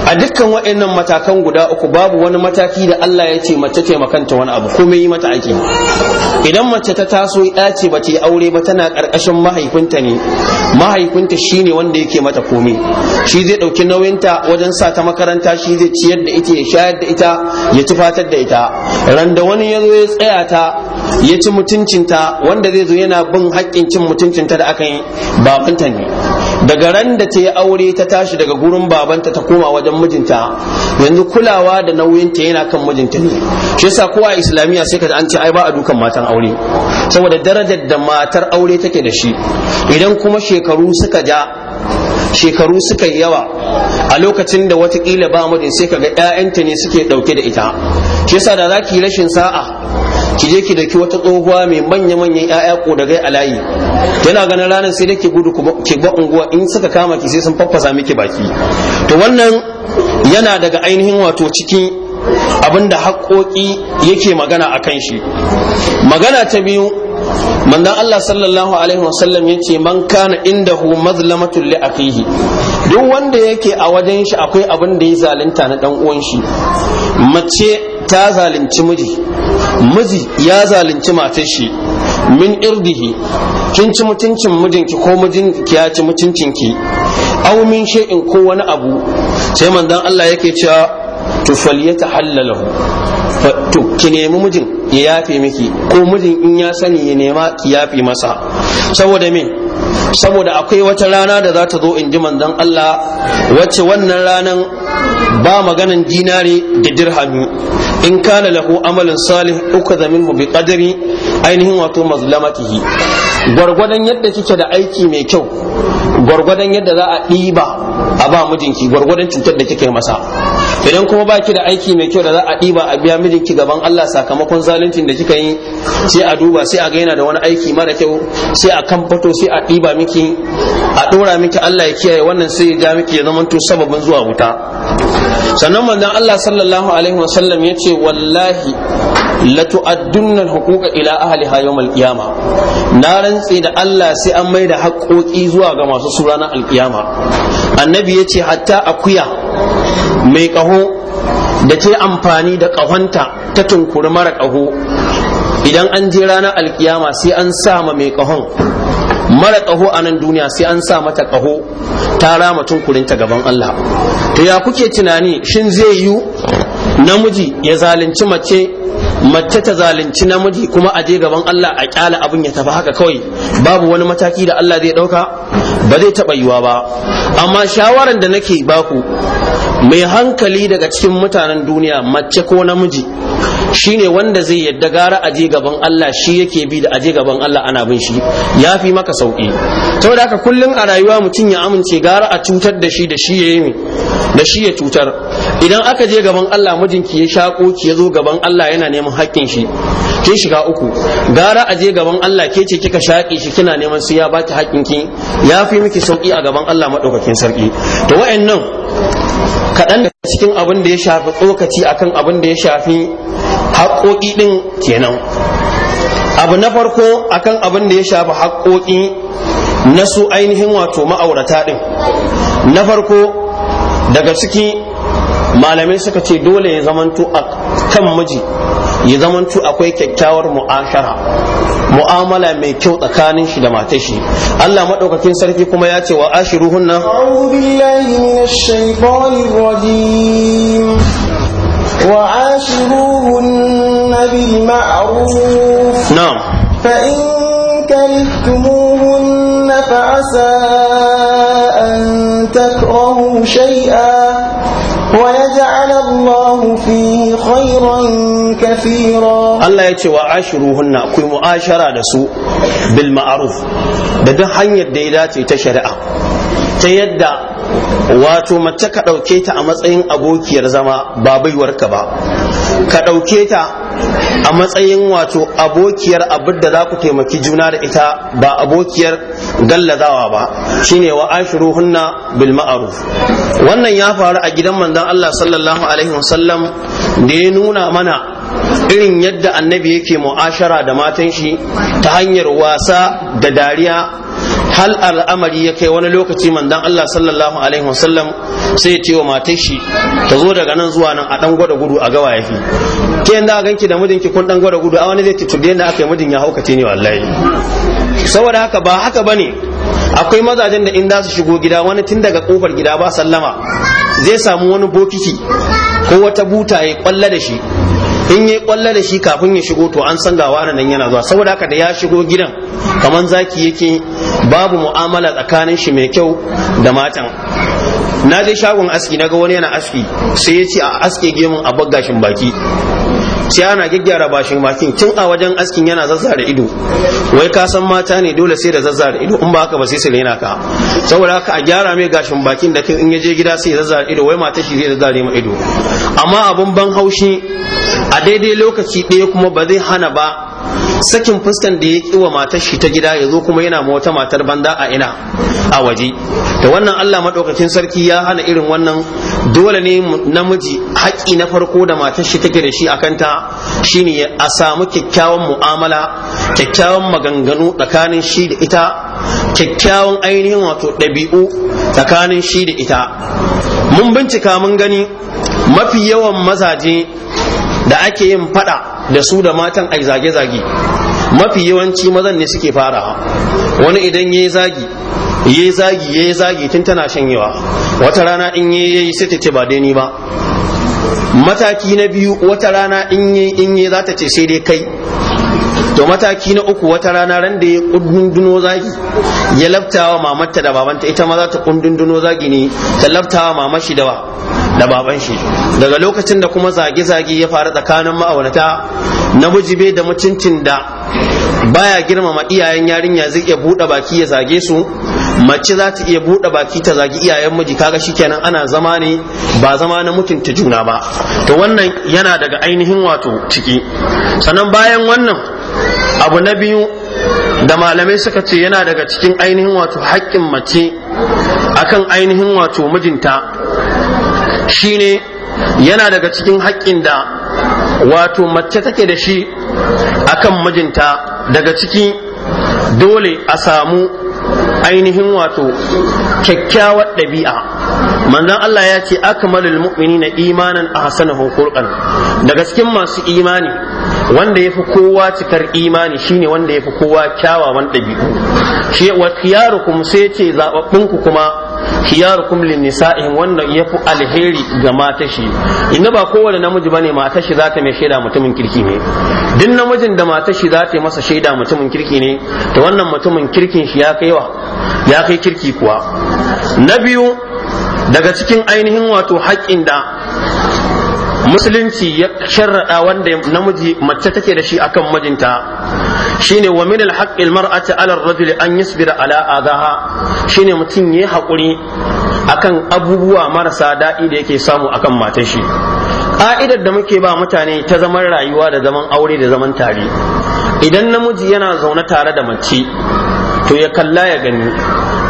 a dukkan waɗannan matakan guda uku babu wani mataki da Allah ya ce mace ce makanta wani abu ko yi mata ake idan mace ta taso ya ce ba yi aure ba tana ƙarƙashin mahaifinta ne mahaifinta shine wanda yake mata komai shi zai ɗauki nauyinta wajen sa ta makaranta shi zai ciyar da ita ya shayar da ita ya tufatar da ita randa da wani ya zo ya tsaya ta ya ci mutuncinta wanda zai zo yana bin haƙƙin cin mutuncinta da aka yi babanta ne daga ran da ta yi aure ta tashi daga gurin babanta ta koma wajen mijinta yanzu kulawa da nauyinta yana kan mijinta ne shi yasa kowa islamiyya sai ka an ce ai ba a dukan matan aure saboda darajar da matar aure take da shi idan kuma shekaru suka ja shekaru suka yi yawa a lokacin da watakila ba mu sai kaga ƴaƴanta ne suke dauke da ita shi yasa da zaki rashin sa'a ki je ki dauki wata tsohuwa mai manya manyan ƴaƴa kodagai a layi yana ganin ranar sai da ke gudu ki ga unguwa in suka kama ki sai sun faffasa miki baki to wannan yana daga ainihin wato cikin abinda haƙoƙi yake magana a kan shi magana ta biyu manzon Allah sallallahu alaihi wasallam yace man kana indahu mazlamatul li akhihi duk wanda yake a wajen shi akwai abin da ya zalunta na dan uwan shi mace ta zalunci miji miji ya zalunci matar shi min irdihi kin ci mutuncin mijinki ko ki ya ci mutuncinki aw min shay'in ko wani abu sai manzon Allah yake cewa to halalahu to ki nemi mijin ya yafe miki ko mijin in ya sani ya nema ki yafe masa saboda me saboda akwai wata rana da za ta zo inji ji manzon Allah wacce wannan ranan ba maganan dinare da dirhami in kana lahu amalin salih uka da minhu bi qadri ainihin wato mazlamatihi gwargwadon yadda kike da aiki mai kyau gwargwadon yadda za a ɗiba a ba mijinki gwargwadon cutar da kike masa idan kuma baki da aiki mai kyau da za a ɗiba a biya mijinki gaban Allah sakamakon zaluncin da kika yi sai a duba sai a gaina da wani aiki mara kyau sai a kamfato sai a ɗiba miki a ɗora miki Allah ya kiyaye wannan sai ya ja miki ya zamanto sababin zuwa wuta sannan manzon Allah sallallahu alaihi wasallam ya ce wallahi la tu'addunna al huquq ila ahliha yawm al-qiyama na rantse da Allah sai an mai da haƙoƙi zuwa ga masu su ranar al-qiyama annabi ya ce hatta akuya mai ƙaho da ce amfani da ƙahonta ta tunkuri mara ƙaho idan an je ranar alkiyama sai an sa ma mai ƙahon mara ƙaho a nan duniya sai an sa mata ƙaho ta rama tunkurinta gaban Allah to ya kuke tunani shin zai yiwu namiji ya zalunci mace mace ta zalunci namiji kuma a je gaban Allah a kyala abin ya tafi haka kawai babu wani mataki da Allah zai ɗauka ba zai taɓa yiwa ba amma shawaran da nake baku mai hankali daga cikin mutanen duniya mace ko namiji shine wanda zai yadda gara a je gaban Allah shi yake bi da aje gaban Allah ana bin shi ya fi maka sauki saboda haka kullum a rayuwa mutum ya amince gara a cutar da shi da shi ya yi da shi ya cutar idan aka je gaban Allah mijinki ya shako ki ya zo gaban Allah yana neman haƙƙin shi ke shiga uku gara a je gaban Allah ke ce kika shaƙe shi kina neman su ya baki haƙƙin ki ya fi miki sauki a gaban Allah madaukakin sarki to wayannan kaɗan daga cikin abin da ya shafi tsokaci akan abin da ya shafi haƙoƙi ɗin kenan abu na farko akan abin da ya shafi haƙoƙi na su ainihin wato ma'aurata ɗin na farko daga ciki malamai suka ce dole ya zamanto a kan miji ya zamantu akwai kyakkyawar mu'ashara mu'amala mai kyau tsakanin shi da matar shi Allah madaukakin sarki kuma ya ce wa ashiruhunna a'udhu billahi minash shaitanir rajim wa ashiruhunna bil ma'ruf na'am fa in karihtumuhunna fa asa an takrahu shay'an ويجعل الله فيه خيرا كثيرا الله يتي وعاشروهن كوي معاشرة دسو بالمعروف da duk hanyar da ya dace ta shari'a ta yadda wato mace ka ɗauke ta a matsayin abokiyar zama ba baiwarka ba ka ɗauke ta a matsayin wato abokiyar abin da za ku taimaki juna da ita ba abokiyar gallazawa ba shine wa ashiru hunna bil wannan ya faru a gidan manzon Allah sallallahu alaihi wasallam da ya nuna mana irin yadda annabi yake mu'ashara da matan shi ta hanyar wasa da dariya hal al'amari ya kai wani lokaci mandan Allah sallallahu alaihi wasallam sai ya ce wa matar shi ta zo daga nan zuwa nan a ɗan gwada gudu a gawa yafi ke yanda ganki da mijinki kun dan gwada gudu a wani zai ce to da aka yi mijin ya haukace ne wallahi saboda haka ba haka bane akwai mazajen da in za su shigo gida wani tun daga kofar gida ba sallama zai samu wani bokiti ko wata buta ya kwalla da shi in yi kwallo da shi kafin ya shigo to an san gawa nan yana zuwa saboda haka da ya shigo gidan kaman zaki yake babu mu'amala tsakanin shi mai kyau da matan na je shagon aski na ga wani yana aski sai ya ce a aske gemun a gashin baki sai ana gyaggyara bashin makin tun a wajen askin yana zazzara ido wai ka san mata ne dole sai da zazzara ido in ba haka ba sai su lena ka saboda haka a gyara mai gashin bakin da in ya je gida sai zazzara ido wai mata shi zai zazzare ma ido amma abun ban haushi a daidai lokaci ɗaya kuma ba zai hana ba sakin fuskan da ya ki wa matar shi ta gida ya zo kuma yana mota wata matar banda a ina a waje da wannan Allah madaukakin sarki ya hana irin wannan dole ne namiji haƙi na farko da matar shi take da shi a kanta shine a samu kyakkyawan mu'amala kyakkyawan maganganu tsakanin shi da ita kyakkyawan ainihin wato ɗabi'u tsakanin shi da ita mun bincika mun gani mafi yawan mazaje da ake yin faɗa. da su da matan ai zage-zage mafi yawanci mazan ne suke farawa wani idan ya zagi ya zagi ya zagi tun tana shanyewa wata rana in ya yi sai ta ce ba ni ba mataki na biyu wata rana in yi yi za ta ce sai dai kai to mataki na uku wata rana ran da ya kundunduno zagi ya labtawa mamarta da babanta ita ma za ta kundunduno zagi ne ta labtawa mamashi da ba da baban shi daga lokacin da kuma zage-zage ya fara tsakanin ma'aunata na bujibe da mutuncin da baya girmama iyayen yarinya zai iya buɗe baki ya zage su mace za ta iya buɗe baki ta zagi iyayen miji kaga shikenan ana zama ne ba zama na mutunta juna ba to wannan yana daga ainihin wato ciki sannan bayan wannan abu na biyu da malamai suka ce yana daga cikin ainihin wato haƙƙin mace akan ainihin wato mijinta shine yana daga cikin haƙƙin da wato mace take da shi akan mijinta daga ciki dole a samu ainihin wato kyakkyawar ɗabi'a manzon Allah ya ce akmalul mu'minina imanan ahsanahu khulqan daga cikin masu imani wanda yafi kowa cikar imani shine wanda yafi kowa kyawawan ɗabi'u shi wa khiyarukum sai ce zababbun ku kuma khiyarukum lin nisa'ihim wanda yafi alheri ga mata shi inda ba kowane namiji bane mata shi zata mai shaida mutumin kirki ne duk namijin da mata shi zata masa shaida mutumin kirki ne to wannan mutumin kirkin shi ya kai wa ya kai kirki kuwa na biyu daga cikin ainihin wato haƙƙin da musulunci ya sharrada wanda namiji mace take da shi akan mijinta shine wa min alhaqqil mar'ati 'ala ar-rajul an yasbira 'ala adaha shine mutum yayi hakuri akan abubuwa marasa daɗi da yake samu akan matar shi ka'idar da muke ba mutane ta zaman rayuwa da zaman aure da zaman tare idan namiji yana zaune tare da mace to ya kalla ya gani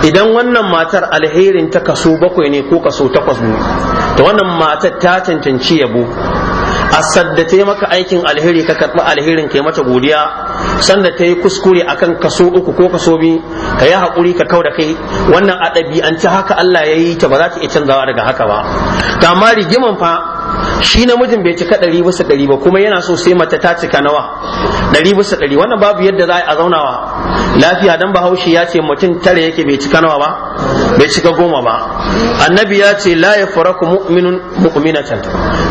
idan wannan matar alherin ta kaso bakwai ne ko kaso takwas ne to wannan matar ta cancanci yabo a da ta yi maka aikin alheri ka karɓi alherin ka yi mata godiya sanda ta yi kuskure kan kaso uku ko kaso biyu ka yi haƙuri ka kau da kai wannan a ci haka Allah ya yi ta ba za ta iya canzawa daga haka ba ta rigiman fa shi namijin bai cika ɗari bisa ɗari ba kuma yana so sai mace ta cika nawa ɗari bisa ɗari wannan babu yadda za a zaunawa lafiya dan bahaushe ya ce mutum tare yake bai cika nawa ba bai cika goma ba annabi ya ce la ya faraku mu'minun mu'minatan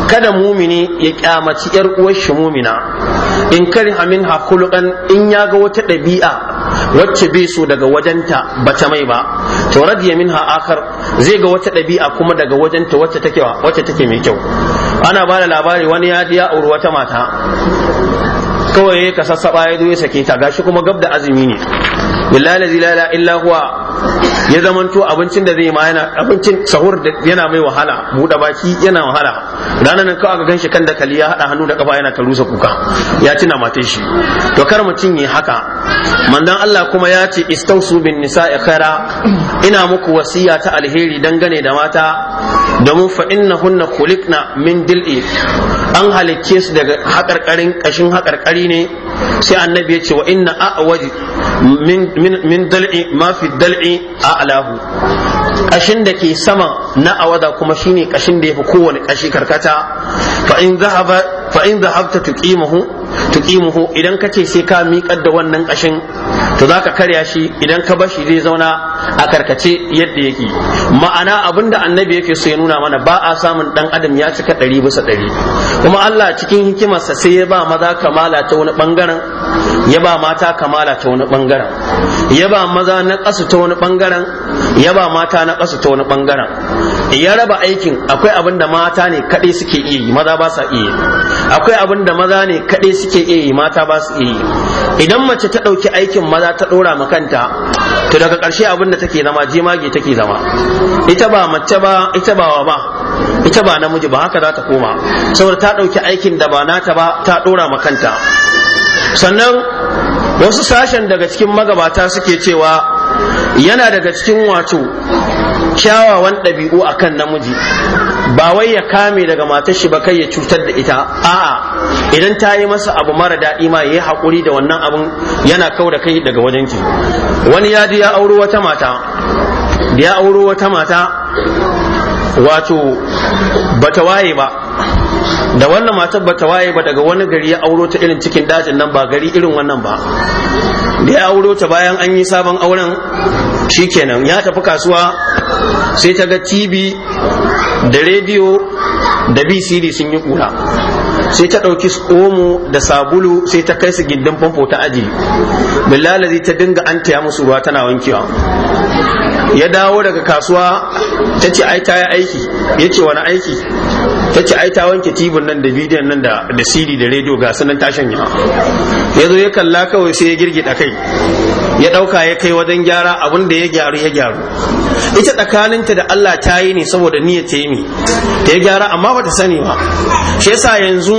kada mumini ya kyamaci yar uwar shi mumina in kari amin hakulukan in ya ga wata ɗabi'a wacce bai so daga wajenta bata mai ba to radiya minha akar zai ga wata ɗabi'a kuma daga wajenta wacce take wacce take mai kyau ana ba da labari wani ya ji ya auri wata mata kawai ya ka sassaba ya zo ya sake ta gashi kuma gab da azumi ne billahi la ilaha illa huwa ya zamanto abincin da zai ma yana abincin sahur da yana mai wahala buɗe baki yana wahala ranar nan kawai ganshi kan da kali ya haɗa hannu da kafa yana ta rusa kuka ya tuna matan shi to kar mutum yi haka mandan Allah kuma ya ce istausu bin nisa'i khaira ina muku wasiya ta alheri dangane da mata domin fa hunna khuliqna min dil'i an halicce su daga hakarkarin kashin haƙarƙari ne sai annabi ya ce wa inna a waje min dal'i mafi fi a a'lahu ƙashin da ke sama na awada kuma shine ƙashin da yafi kowane ƙashi karkata fa in zahaba fa in dhahabta tuqimahu tuqimahu idan ka ce sai ka miƙar da wannan ƙashin to zaka karya shi idan ka bashi zai zauna a karkace yadda yake ma'ana abinda annabi yake so ya nuna mana ba a samun dan adam ya cika ɗari bisa ɗari kuma Allah cikin hikimarsa sai ya ba maza kamala ta wani bangaren ya ba mata kamala ta wani bangaren ya ba maza na ƙasa ta wani bangaren ya ba mata na ƙasa ta wani bangaren ya raba aikin akwai abin da mata ne kaɗai suke iya yi maza ba sa iya akwai abin da maza ne kaɗai suke iya yi mata ba su iya yi idan mace ta ɗauki aikin maza ta ɗora ma kanta to daga karshe abin da take zama jemage take zama ita ba mace ba ita ba ba ita ba namiji ba haka za ta koma saboda ta ɗauki aikin da ba nata ba ta ɗora ma kanta sannan wasu sashen daga cikin magabata suke cewa yana daga cikin wato kyawawan ɗabi'u akan namiji ba wai ya kame daga matar shi ba kai ya cutar da ita a'a idan ta yi masa abu mara daɗi ma ya yi hakuri da wannan abun yana kau da kai daga wajen ki wani ya ya auro wata mata da ya auro wata mata wato bata waye ba da wannan matar bata waye ba daga wani gari ya auro ta irin cikin dajin nan ba gari irin wannan ba da ya auro ta bayan an yi sabon auren shikenan ya tafi kasuwa sai ta ga tv da rediyo da bcd sun yi kura sai ta ɗauki omo da sabulu sai ta kai su gindin famfo ta aji bilalazi ta dinga an taya musu ruwa tana wankewa ya dawo daga kasuwa ta ce ai ta yi aiki ya ce wani aiki ta ce ai ta wanke tibin nan da bidiyon nan da CD da rediyo ga sunan tashin ya ya zo ya kalla kawai sai ya girgida kai ya ɗauka ya kai wajen gyara abin da ya gyaru ya gyaru ita tsakaninta da Allah ta yi ne saboda niyyar ta yi mi ta ya gyara amma ba ta sani ba shi yasa yanzu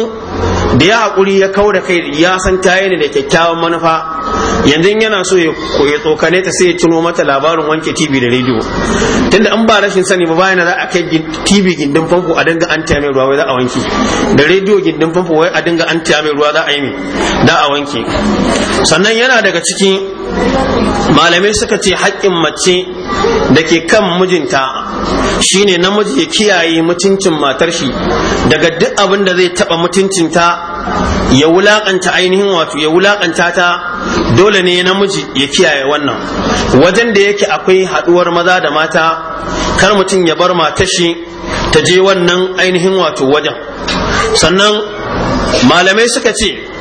da ya haƙuri ya kau da kai ya san ta yi ne da kyakkyawan manufa yanzu yana so ya tsokane ta sai ya ciro mata labarin wanke tv da rediyo tunda an ba rashin sani ba bayan za a kai tv gindin famfo a dinga an mai ruwa wai za a wanke da rediyo gindin famfo wai a dinga an mai ruwa za a yi mai da a wanke sannan yana daga cikin malamai suka ce haƙƙin mace da ke kan mijinta shine namiji ya kiyaye mutuncin matar shi daga duk abin da zai taba mutuncinta ya wulakanta ainihin wato ya wulakanta ta dole ne namiji ya kiyaye wannan wajen da yake akwai haɗuwar maza da mata kar mutum ya bar matar shi ta je wannan ainihin wato wajen sannan malamai suka ce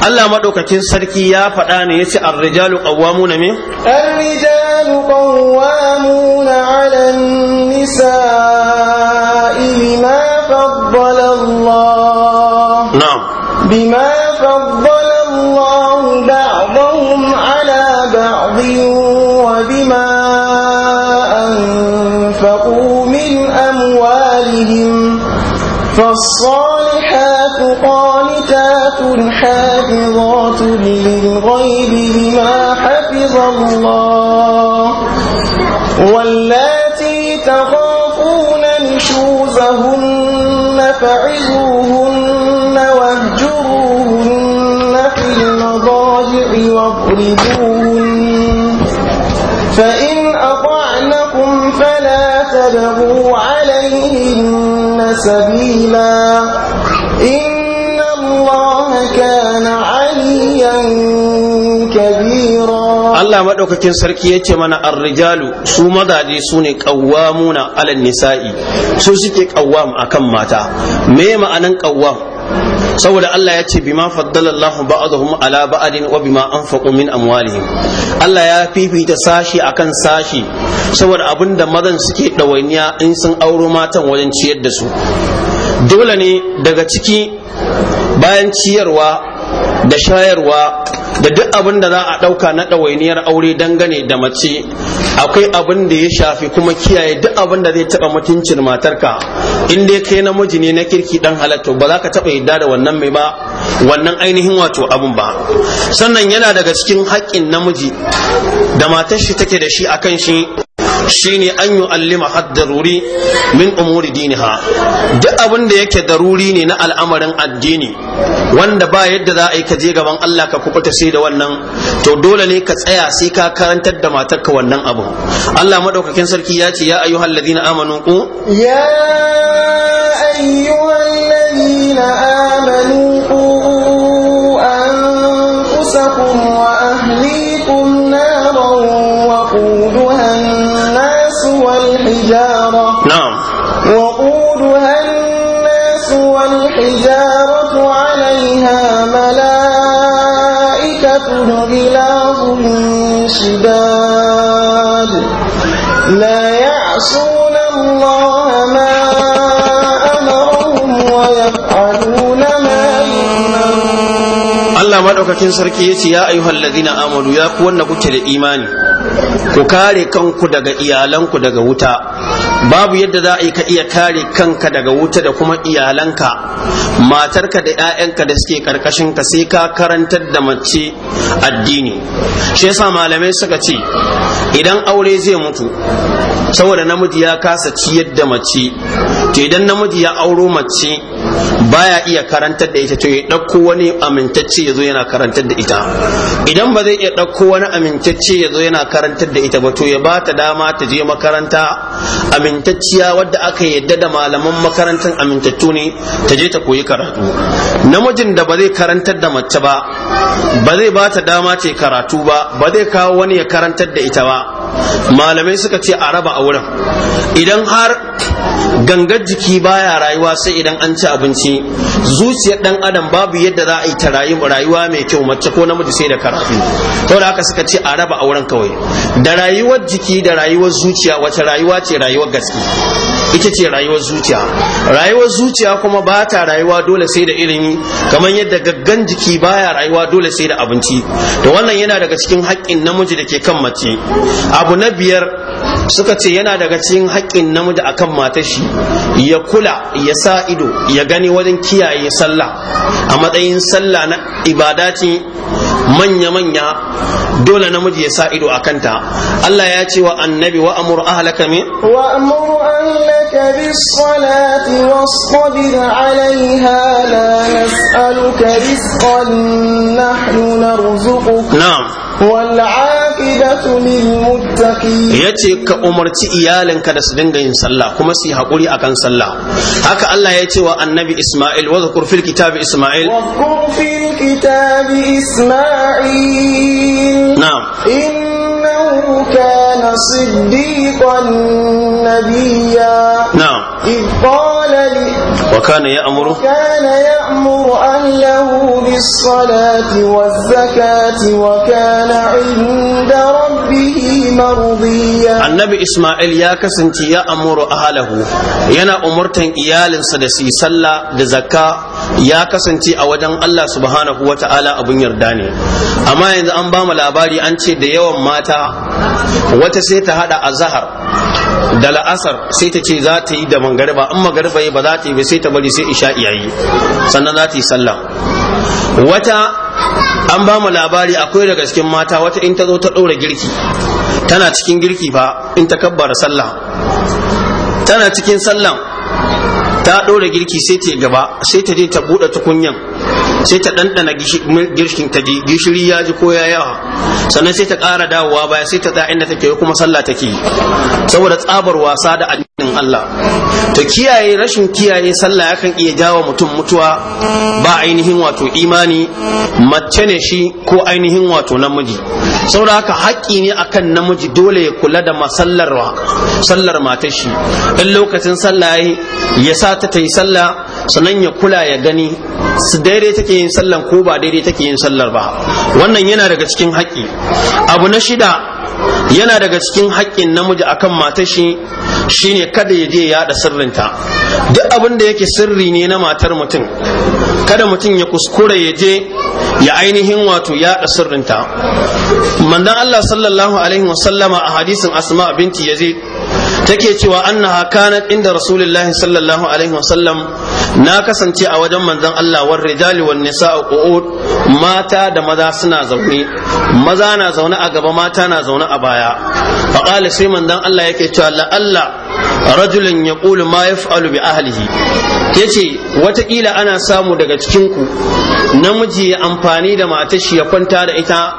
Allah madaukakin sarki ya faɗa ne yace ar-rijalu qawwamuna min ar-rijalu qawwamuna na an-nisa'i bima faddala Allah na'am bima faddala Allah ba'dahum 'ala ba'din wa bima an anfaqu min amwalihim فالصالحات قانتات حافظات للغيب بما حفظ الله Allah maɗaukakin sarki ya ce mana arrijalu su mazaje su ne ƙawwamuna alal nisa'i su suke ƙawwam akan mata me ma'anan ƙawwam saboda Allah ya ce bima faddala Allah ba'dahum ala ba'din wa bima anfaqu min amwalihim Allah ya fifita sashi akan sashi saboda abinda mazan suke ɗawainiya in sun auro matan wajen ciyar da su dole ne daga ciki bayan ciyarwa da shayarwa da duk abin da za a ɗauka na ɗawainiyar aure dangane da mace akwai abin da ya shafi kuma kiyaye duk abin da zai taɓa mutuncin matarka in dai kai namiji ne na kirki dan halatta ba za ka taɓa yadda da wannan mai ba wannan ainihin wato abin ba sannan yana daga cikin haƙƙin namiji da matar shi take da shi akan shi shine an yu'allima had haddaruri min umuri ha, duk abin da yake daruri ne na al'amarin addini wanda ba yadda za a yi ka gaban Allah ka kubuta sai da wannan to dole ne ka tsaya sai ka karantar da matarka wannan abu Allah madaukakin sarki ya ce ya ayyuhal ladina amanu ku ya ayyuhal ladina amanu ku anfusakum wa الحجارة نعم وقودها الناس والحجارة عليها ملائكة غلاظ شداد لا يعصون madaukakin sarki ya ce ya ayyuhal ladina amadu ya ku wanda kuke da imani ku kare kanku daga iyalanku daga wuta babu yadda za a yi ka iya kare kanka daga wuta da kuma iyalanka matarka da 'ya'yanka da suke karkashin ka sai ka karantar da mace addini shi yasa malamai suka ce idan aure zai mutu saboda namiji ya kasa ciyar da mace to idan namiji ya auro mace baya iya karantar da ita to ya ɗauko wani amintacce ya zo yana karantar da ita idan ba zai iya ɗauko wani amintacce ya zo yana karantar da ita ba to ya ba ta dama ta je makaranta amintacciya wadda aka yadda da malaman makarantar amintattu ne ta je ta koyi karatu namijin da ba zai karantar da mace ba ba zai ba ta dama ce karatu ba ba zai kawo wani ya karantar da ita ba malamai suka ce a raba a wurin idan har gangar jiki baya rayuwa sai idan an ci abinci zuciyar dan adam babu yadda za a yi ta rayuwa mai kyau mace ko namiji sai da karatu to da haka suka ce a raba auren kawai da rayuwar jiki da rayuwar zuciya wace rayuwa ce rayuwar gaske ita ce rayuwar zuciya rayuwar zuciya kuma ba ta rayuwa dole sai da ilimi kamar yadda gaggan jiki baya rayuwa dole sai da abinci to wannan yana daga cikin haƙƙin namiji da ke kan mace abu na biyar suka ce yana daga cikin haƙƙin namiji akan matar shi ya kula ya sa ido ya gani wajen kiyaye sallah a matsayin sallah na ibada manya-manya dole namiji ya sa ido a kanta Allah ya ce wa annabi wa amur ahlaka min wa amur لك بالصلاة واصطبر عليها لا نسألك رزقا نحن نرزقك نعم والعاقبة للمتقين yace ka umarci iyalinka da su dinga yin sallah kuma su yi hakuri akan sallah haka Allah ya ce wa annabi Isma'il wa zakur fil kitabi Isma'il na'am إنه كان صديقا نبيا نعم إذ قال وكان يأمر كان يأمر أهله بالصلاة والزكاة وكان عند ربه مرضيا النبي إسماعيل يا كسنتي يأمر أهله ينا أمرتن إيال سدسي صلى دزكاة يا كسنتي أودن الله سبحانه وتعالى أبن يرداني أما إذا أنبام الأباري أنت ديوم ماتا وتسيت هذا أزهر da la'asar sai ta ce za ta yi da mangariba in mangariba ba za ta yi ba sai ta bari sai isha iyayi sannan za ta yi sallah wata an ba mu labari akwai daga cikin mata wata in ta zo ta ɗora girki tana cikin girki fa in ta kabbara sallah tana cikin sallah ta ɗora girki sai ta gaba sai ta je ta buɗe tukunyan sai ta ɗanɗana girkin ta ji gishiri ya ji ko ya yawa sannan sai ta ƙara dawowa baya sai ta ta inda take kuma sallah take saboda tsabar wasa da din Allah ta kiyaye rashin kiyaye sallah yakan iya jawo mutum mutuwa ba ainihin wato imani mace ne shi ko ainihin wato namiji saboda haka haƙƙi ne akan namiji dole ya kula da masallar sallar matar shi in lokacin sallah ya sa ta tayi yi sallah sannan ya kula ya gani su daidai take yin sallan ko ba daidai take yin sallar ba wannan yana daga cikin haƙƙi abu na shida yana daga cikin haƙƙin namiji akan matar shi shine kada ya je yaɗa sirrinta duk abin da yake sirri ne na matar mutum kada mutum ya kuskure ya je ya ainihin wato yaɗa sirrinta mandan Allah sallallahu alaihi wasallama a hadisin asma binti yazid take cewa annaha kanat inda rasulullahi sallallahu alaihi wasallam na kasance a wajen manzon Allah war rijali wan nisaa qu'ud mata da maza suna zaune maza na zaune a gaba mata na zaune a baya fa qala sai manzon Allah yake cewa la Allah rajulun yaqulu ma yaf'alu bi ahlihi yace watakila ana samu daga cikin ku namiji ya amfani da matar shi ya kwanta da ita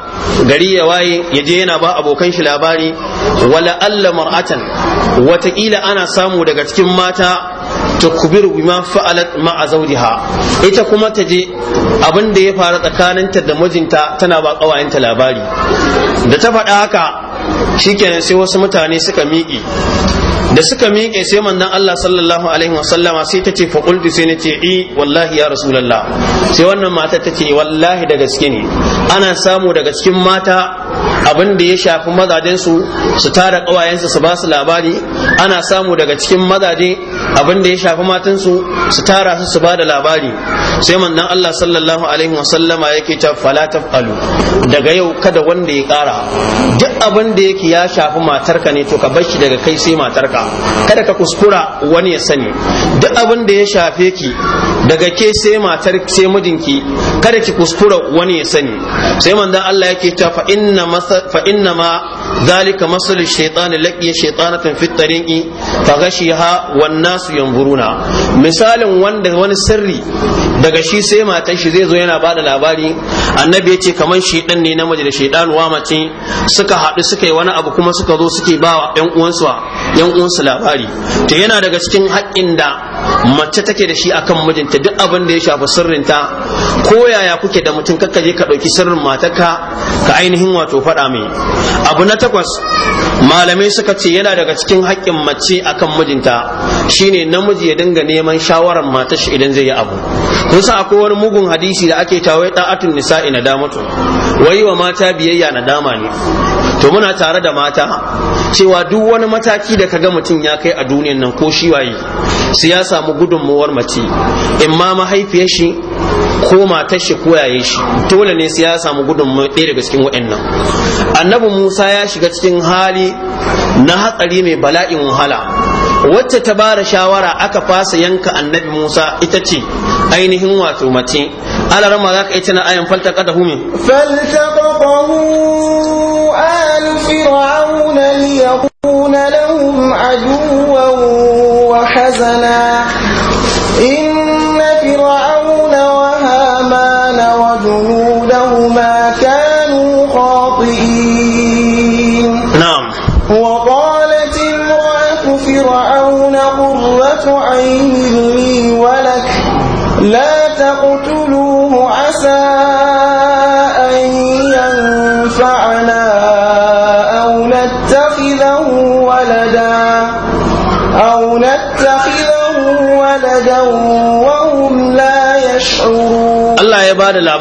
gari ya waye ya je yana ba abokan shi labari wala Allah mar'atan watakila ana samu daga cikin mata tukbiru bima fa'alat ma'a zawjiha ita kuma ta je abin da ya faru tsakaninta da mijinta tana ba kawayenta labari da ta faɗa haka shikenan sai wasu mutane suka miƙe da suka miƙe sai manzon Allah sallallahu alaihi wasallama sai ta ce fa qultu sai nace ce i eh, wallahi ya rasulullah sai wannan mata tace wallahi da gaske ne ana samu daga cikin mata abin da ya shafi mazajen su su tara kawayensu su ba su labari ana samu daga cikin mazaje abin da ya shafi matan su tara su su ba da labari sai manzon Allah sallallahu alaihi wa sallama yake ta fala tafalu daga yau kada wanda ya kara duk abin da yake ya shafi matarka ne to ka bar shi daga kai sai matarka kada ka kuskura wani ya sani duk abin da ya shafe ki daga ke sai matar sai mijinki kada ki kuskura wani ya sani sai manzon Allah yake ta fa inna ma ذلك مثل الشيطان لقي شيطانة في الطريق فغشيها والناس ينظرون مثال وند wani sirri daga shi sai matan shi zai zo yana ba da labari annabi ya ce kamar shaidan ne namiji da shaidan wa mace suka haɗu suka yi wani abu kuma suka zo suke ba wa 'yan uwansu labari to yana daga cikin haƙƙin da mace take da shi akan mijinta duk abin da ya shafi sirrinta ko yaya kuke da mutum kakka je ka ɗauki sirrin matarka ka ainihin wato faɗa mai abu na takwas malamai suka ce yana daga cikin haƙƙin mace akan mijinta shine namiji ya dinga neman shawaran matar shi idan zai yi abu kun sa akwai wani mugun hadisi da ake cewa da'atun nisa'i nadamatu wai wa mata biyayya na dama ne to muna tare da mata cewa duk wani mataki da kaga mutum ya kai a duniyan nan ko shi waye sai ya samu gudunmuwar mace in ma mahaifiyar shi ko matar shi ko shi dole ne sai ya samu gudunmuwar ɗaya daga cikin waɗannan annabi Musa ya shiga cikin hali na hatsari mai bala'in wahala wacce ta ba da shawara aka fasa yanka annabi Musa ita ce ainihin wato mace alarama za ka yi tana ayan faltaka da humi فالتقطه آل فرعون ليكون لهم عدوا وحزنا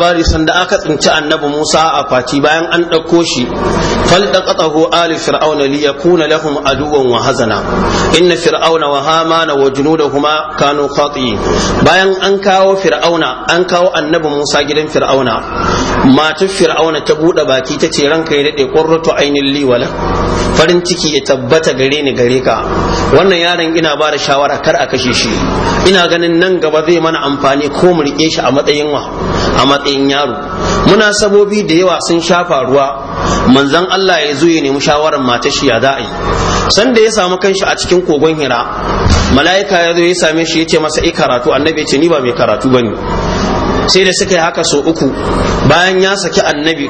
labari sanda aka tsinci annabi Musa a kwati bayan an ɗauko shi faltaqatahu ali fir'auna li yakuna lahum aduwan wa hazana inna fir'auna wa hamana wa junudahuma kanu khati bayan an kawo fir'auna an kawo annabi Musa gidan fir'auna matar fir'auna ta buɗe baki ta ce ranka ya dade qurratu ainihin li wala farin ciki ya tabbata gare ni gare ka wannan yaron ina ba da shawara kar a kashe shi ina ganin nan gaba zai mana amfani ko mu rike shi a matsayin wa matsayin yaro muna sabobi da yawa sun sha faruwa manzan Allah ya zo ya nemi shawarar matar shi ya da'i sanda ya samu kanshi a cikin kogon hira mala'ika ya zo ya same shi ya ce masa i karatu annabi ya ce ni ba mai karatu bane sai da suka yi haka so uku bayan ya saki annabi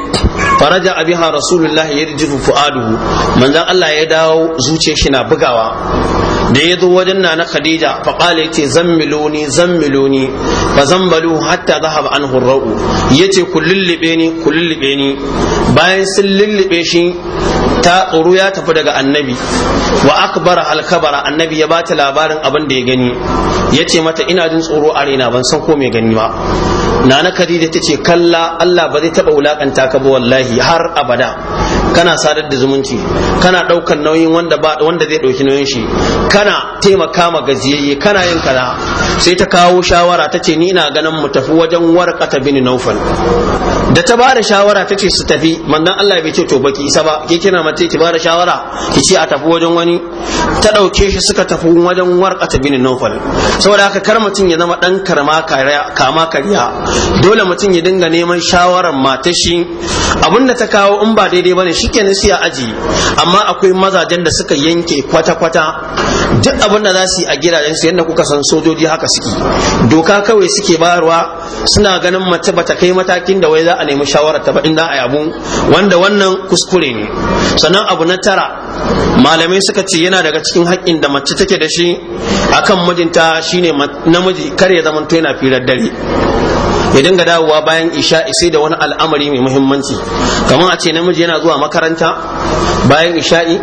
faraja abiha rasulullahi ya fu'aduhu manzan Allah ya dawo zuciyar shi na bugawa da ya zo wajen na na khadija fa qala yace zammiluni zammiluni fa zambalu hatta zahab anhu ar-ra'u yace ku lullube ni ku lullube ni bayan sun lullube shi ta tsoro ya tafi daga annabi wa akbara alkabara annabi ya bata labarin abin da ya gani yace mata ina jin tsoro a raina ban san ko mai gani ba nana khadija ta ce kalla Allah ba zai taba wulakanta ka ba wallahi har abada kana sadar da zumunci kana ɗaukar nauyin wanda ba wanda zai ɗauki nauyin shi kana taimaka ma gaziyayye kana yin kaza sai ta kawo shawara ta ce ni ina ganin mu tafi wajen warqata bin naufal da ta bada shawara ta ce su tafi manzon Allah bai ce to baki isa ba ke kina mace ki bada shawara ki ce a tafi wajen wani ta ɗauke shi suka tafi wajen warqata bin naufal saboda haka kar mutum ya zama dan karma kama kariya dole mutum ya dinga neman shawaran matashi shi abinda ta kawo in ba daidai bane shikenan sai a aji amma akwai mazajen da suka yanke kwata-kwata duk abin da za su yi a gidajen su yadda kuka san sojoji haka suke doka kawai suke bayarwa suna ganin mace bata kai matakin da wai za a nemi shawarar ta ba da a abun wanda wannan kuskure ne sannan abu na tara malamai suka ce yana daga cikin haƙƙin da mace take da shi akan mijinta shine namiji kar ya zamanto yana firar dare ya dinga dawowa bayan isha sai da wani al'amari mai muhimmanci kamar a ce namiji yana zuwa makaranta bayan isha'i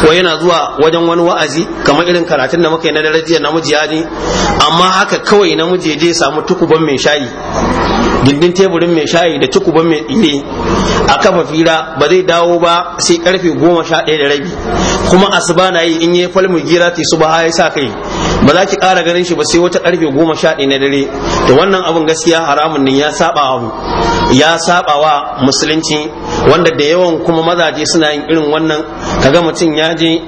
ko yana zuwa wajen wani wa'azi kamar irin karatun da muka yi na darajiyar namiji ya ne amma haka kawai namiji ya je samu tukuban mai shayi gindin teburin mai shayi da cikuban mai tsire a kafa fira ba zai dawo ba sai karfe goma sha ɗaya da rabi kuma asuba na yi in yi falmu gira ta su ba ya sa kai ba za ki ƙara ganin shi ba sai wata karfe goma sha ɗaya na dare to wannan abin gaskiya haramun ne ya saba ya saba wa musulunci wanda da yawan kuma mazaje suna yin irin wannan kaga mutum ya je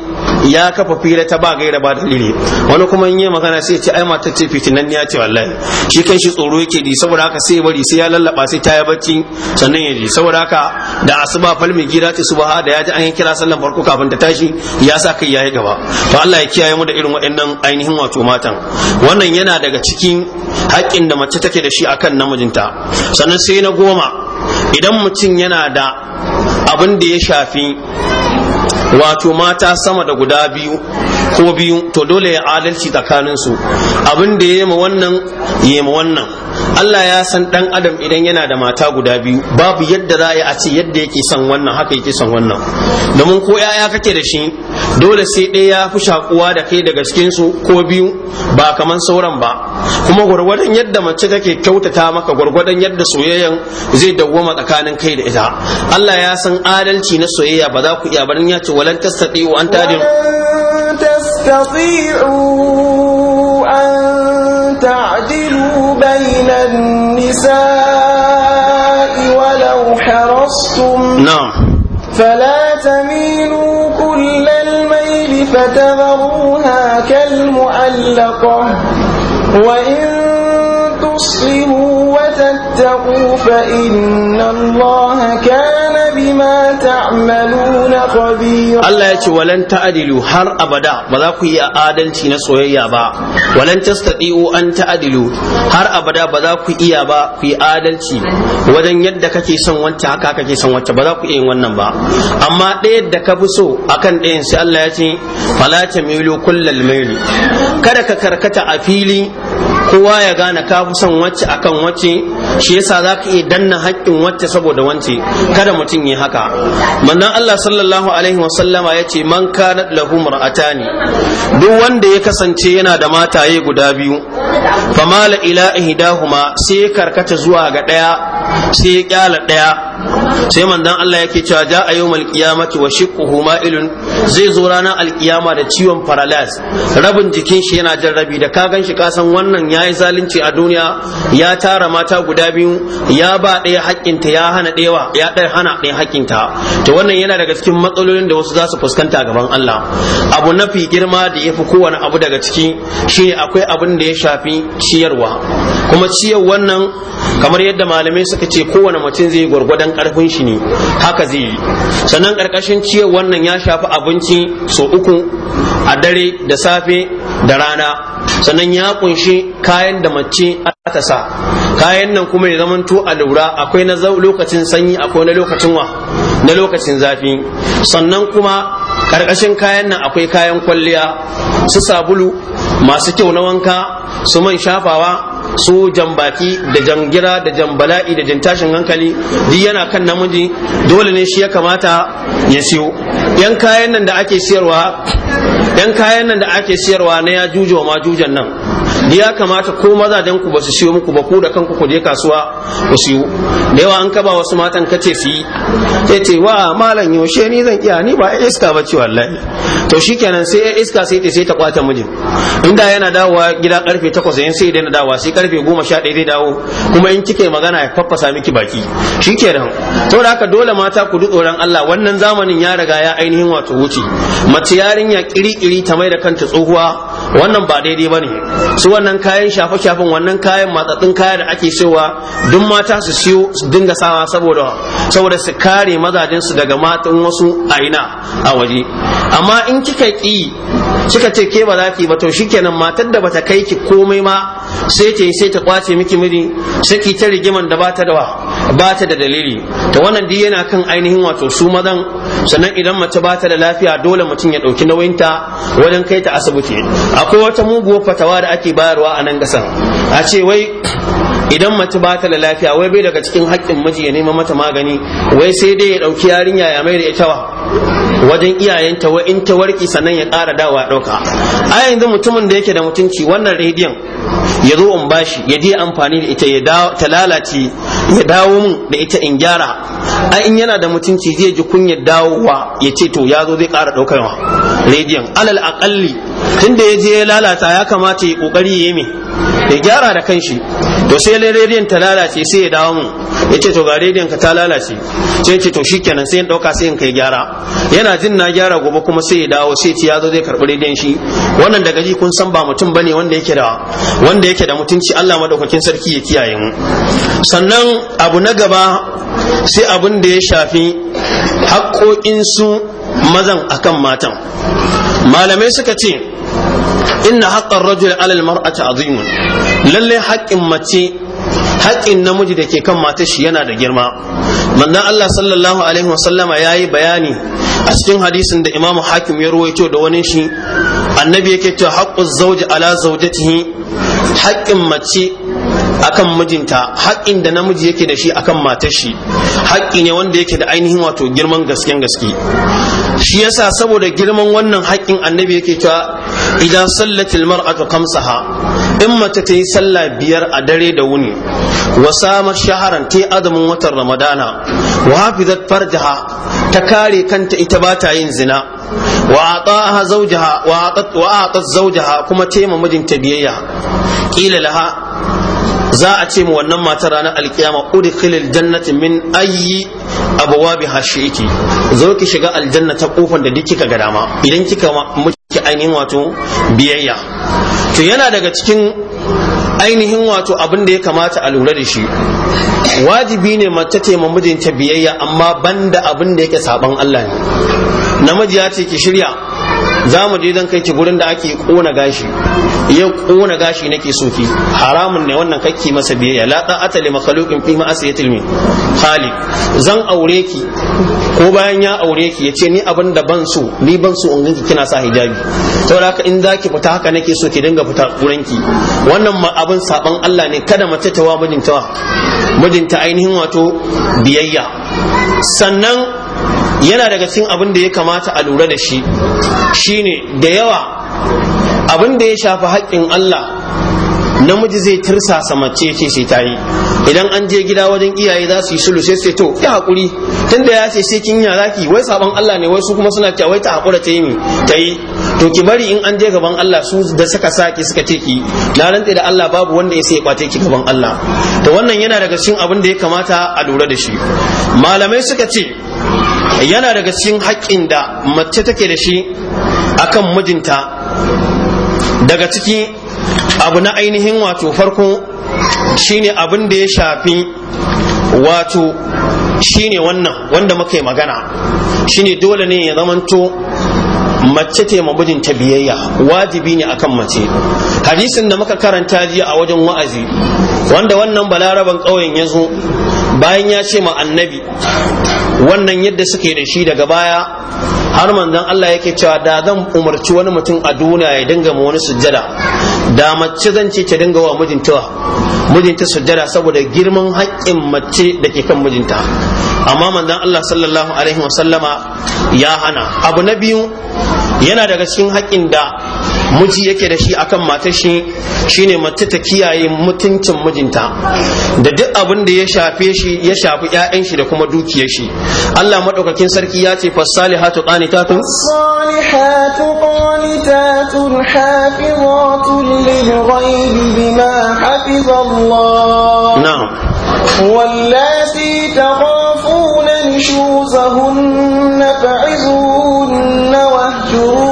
ya kafa fira ta ba gaira ba dalili wani kuma in yi magana sai ce ai matar ce fitinan ya ce wallahi shi kan shi tsoro yake di saboda haka sai bari sai ya lallaba sai ta yi bacci sannan ya ji saboda haka da asuba falmi gida ta subaha da ya ji an yi kira sallan farko kafin ta tashi ya sa kai yayi gaba to Allah ya kiyaye mu da irin waɗannan ainihin wato matan wannan yana daga cikin haƙƙin da mace take da shi akan namijinta sannan sai na goma idan mutum yana da abin da ya shafi wato mata sama da guda biyu ko biyu to dole ya adalci tsakaninsu abin da ya ma wannan ya ma wannan Allah ya san dan adam idan yana da mata guda biyu babu yadda za a ce yadda yake son wannan haka yake son wannan domin ko yaya kake da shi dole sai ɗaya ya fi shakuwa da kai daga cikin su ko biyu ba kamar sauran ba kuma gwargwadon yadda mace take kyautata maka gwargwadon yadda soyayyan zai dawwama tsakanin kai da ita Allah ya san adalci na soyayya ba za ku iya barin ya ce walan tastati wa an tadiru an ta'dilu bainan nisa'i harastum na'am فلا تميلوا كل فتذروها كالمعلقة وإن تصلموا وتتقوا فإن الله كان Allah ya ce walan ta'adilu har abada ba za ku yi adalci na soyayya ba walan tastadiu an ta'adilu har abada ba za ku iya ba ku adalci wajen yadda kake son wacce haka kake son wacce ba za ku yi wannan ba amma ɗaya da ka fi so akan ɗayan sai Allah ya ce fala ta kada ka karkata a fili kowa ya gane ka fi son wacce akan wacce shi yasa za ka iya danna haƙƙin wacce saboda wance kada mutum yi haka manzon Allah sallallahu alaihi sallama ya ce man kana lahu mar'atani duk wanda ya kasance yana da mataye guda biyu famala ila ihdahuma sai karkata zuwa ga daya sai ya kyala daya sai manzon Allah yake cewa ja a yawmal qiyamati wa shiqquhu ma'ilun zai zo ranar alkiyama da ciwon paralysis rabin jikin shi yana jarrabi da ka gan shi ka san wannan ya yi zalunci a duniya ya tara mata guda biyu ya ba ɗaya haƙƙinta ya hana ɗaya ya ɗaya hana ɗaya haƙƙinta to wannan yana daga cikin matsalolin da wasu za su fuskanta gaban Allah abu na fi girma da ya fi kowane abu daga ciki shine akwai abin da ya shafi ciyarwa kuma ciyar wannan kamar yadda malamai suka ce kowane mutum zai gwargwadon ƙarfin shi ne haka zai yi sannan ƙarƙashin ciyar wannan ya shafi abinci sau uku a dare da safe da rana sannan ya kunshi kayan da mace aka sa kayan nan kuma ya zamanto a lura akwai na lokacin sanyi akwai na lokacin wa na lokacin zafi sannan kuma karkashin kayan nan akwai kayan kwalliya su sabulu masu kyau na wanka su man shafawa su jambaki da jangira da jambala'i da jantashin hankali duk yana kan namiji dole ne shi ya kamata ya siyo yan kayan nan da ake siyarwa yan kayan nan da ake siyarwa na ya juju wa nan ya kamata ko mazajen ku ba su siyo muku ba ku da kanku ku je kasuwa ku siyo da yawa an kaba wasu matan kace su yi sai ce wa malam yaushe ni zan iya ni ba iska ba ce wallahi to shikenan sai ya iska sai ta sai ta kwata mijin inda yana dawowa gida karfe 8 sai sai daina dawowa sai karfe 11 zai dawo kuma in kike magana ya faffasa miki baki shikenan to da haka dole mata ku duk tsoron Allah wannan zamanin ya riga ya ainihin wato wuce mace yarinya kiri-kiri ta mai da kanta tsohuwa wannan ba daidai bane su wannan kayan shafe-shafen wannan kayan matsatsin kaya da ake cewa duk mata su siyo su dinga sawa saboda saboda su kare mazajen su daga matan wasu aina a waje amma in kika ki suka ce ke ba za ki ba to shikenan matar da bata kai ki komai ma sai ta yi sai ta kwace miki miji sai ki ta rigiman da bata da bata da dalili to wannan duk yana kan ainihin wato su mazan sanan idan mace bata da lafiya dole mutum ya dauki ta wajen kai ta asibiti akwai wata muguwar fatawa da ake bayarwa a nan kasar a ce wai idan mace ba ta da lafiya wai bai daga cikin haƙƙin miji ya nema mata magani wai sai dai ya ɗauki yarinya ya mai da ita wa wajen iyayenta wa in ta warki sannan ya ƙara dawa ɗauka a yanzu mutumin da yake da mutunci wannan rediyon ya zo in bashi ya je amfani da ita ya ta lalace ya dawo mun da ita in gyara ai in yana da mutunci zai ji kunyar dawowa ya ce to ya zo zai ƙara ɗaukarwa rediyon alal aƙalli tunda ya je ya lalata ya kamata ya kokari ya yi ya gyara da kanshi to sai rediyon ta lalace sai ya dawo mun ya ce to ga rediyon ka ta lalace sai ya ce to shikenan sai in ɗauka sai in kai gyara yana jin na gyara gobe kuma sai ya dawo sai ya zo zai karɓi rediyon shi wannan daga ji kun san ba mutum bane wanda yake da wanda wanda yake da mutunci Allah madaukakin sarki ya kiyaye mu sannan abu na gaba sai abin da ya shafi haƙoƙin su mazan akan matan malamai suka ce inna haqqar rajul alal mar'ati azimun lalle haƙƙin mace haƙƙin namiji da ke kan matar shi yana da girma manzon Allah sallallahu alaihi wasallama yayi bayani a cikin hadisin da Imam Hakim ya ruwaito da wani shi annabi yake cewa haƙƙun zawji ala zawjatihi haƙƙin mace akan mijinta haƙƙin da namiji yake da shi akan matar shi haƙƙi ne wanda yake da ainihin wato girman gasken gaske shi yasa saboda girman wannan haƙƙin annabi yake cewa idan sallatil mar'atu kamsaha in mace ta yi sallah biyar a dare da wuni wa samar shaharan ta azumin watan ramadana wa hafizat farjaha ta kare kanta ita ba ta yin zina wa ataha zawjaha wa atat zawjaha kuma ta mijinta biyayya qila laha za a ce mu wannan matar ranar alkiyama udkhilil jannati min ayyi abwabi hashi zo ki shiga aljanna ta kofar da duk kika ga dama idan kika ki ainihin wato biyayya to yana daga cikin ainihin wato abin da ya kamata a lura da shi wajibi ne mace ta mijinta biyayya amma banda abin da yake saban Allah ne namiji ya ce ki shirya za mu je zan kai ki gurin da ake kona gashi ya kona gashi nake so ki haramun ne wannan kakki masa biyayya la ta'ata li makhluqin fi ma'asiyatil min khaliq zan aure ki ko bayan ya aure ki yace ni abin da ban so ni ban so in ganki kina sa hijabi saboda haka in zaki fita haka nake so ki dinga fita gurin ki wannan ma abin saban Allah ne kada mace ta wa mijinta ainihin wato biyayya sannan yana daga cikin abin da ya kamata a lura da shi shine da yawa abin da ya shafi haƙƙin Allah namiji zai tirsasa mace ce sai ta yi idan an je gida wajen iyaye za su yi sulu sai sai to ya hakuri da ya ce sai kin yara ki wai saban Allah ne wai su kuma suna cewa wai ta hakura ta yi mi ta yi to ki bari in an je gaban Allah su da suka saki suka ce ki na rantse da Allah babu wanda ya sai kwace ki gaban Allah to wannan yana daga cikin abin da ya kamata a lura da shi malamai suka ce yana daga cikin haƙƙin da mace take da shi akan mijinta daga ciki abu na ainihin wato farko shine abin da ya shafi wato shine wannan wanda muka magana shine dole ne ya zamanto mace ce mijinta biyayya wajibi ne akan mace hadisin da muka karanta jiya a wajen wa'azi wanda wannan balaraban ƙauyen ya zo bayan ya ce ma annabi wannan yadda suke da shi daga baya har manzon Allah yake cewa da zan umarci wani mutum a duniya ya dinga ma wani sujjada da mace zan ce ta dinga wa mijinta mijinta sujjada saboda girman haƙƙin mace da ke kan mijinta amma manzon Allah sallallahu alaihi wasallama ya hana abu na biyu yana daga cikin haƙƙin da miji yake da shi akan matar shi shine mace ta kiyaye mutuncin mijinta da duk abin da ya shafe shi ya shafi ƴaƴan shi da kuma dukiyar shi Allah madaukakin sarki ya ce fasalihatu qanitatun salihatu qanitatun hafizatun lil bima hafiza na'am wallati تخافون نشوزهن فعزوهن واهجرون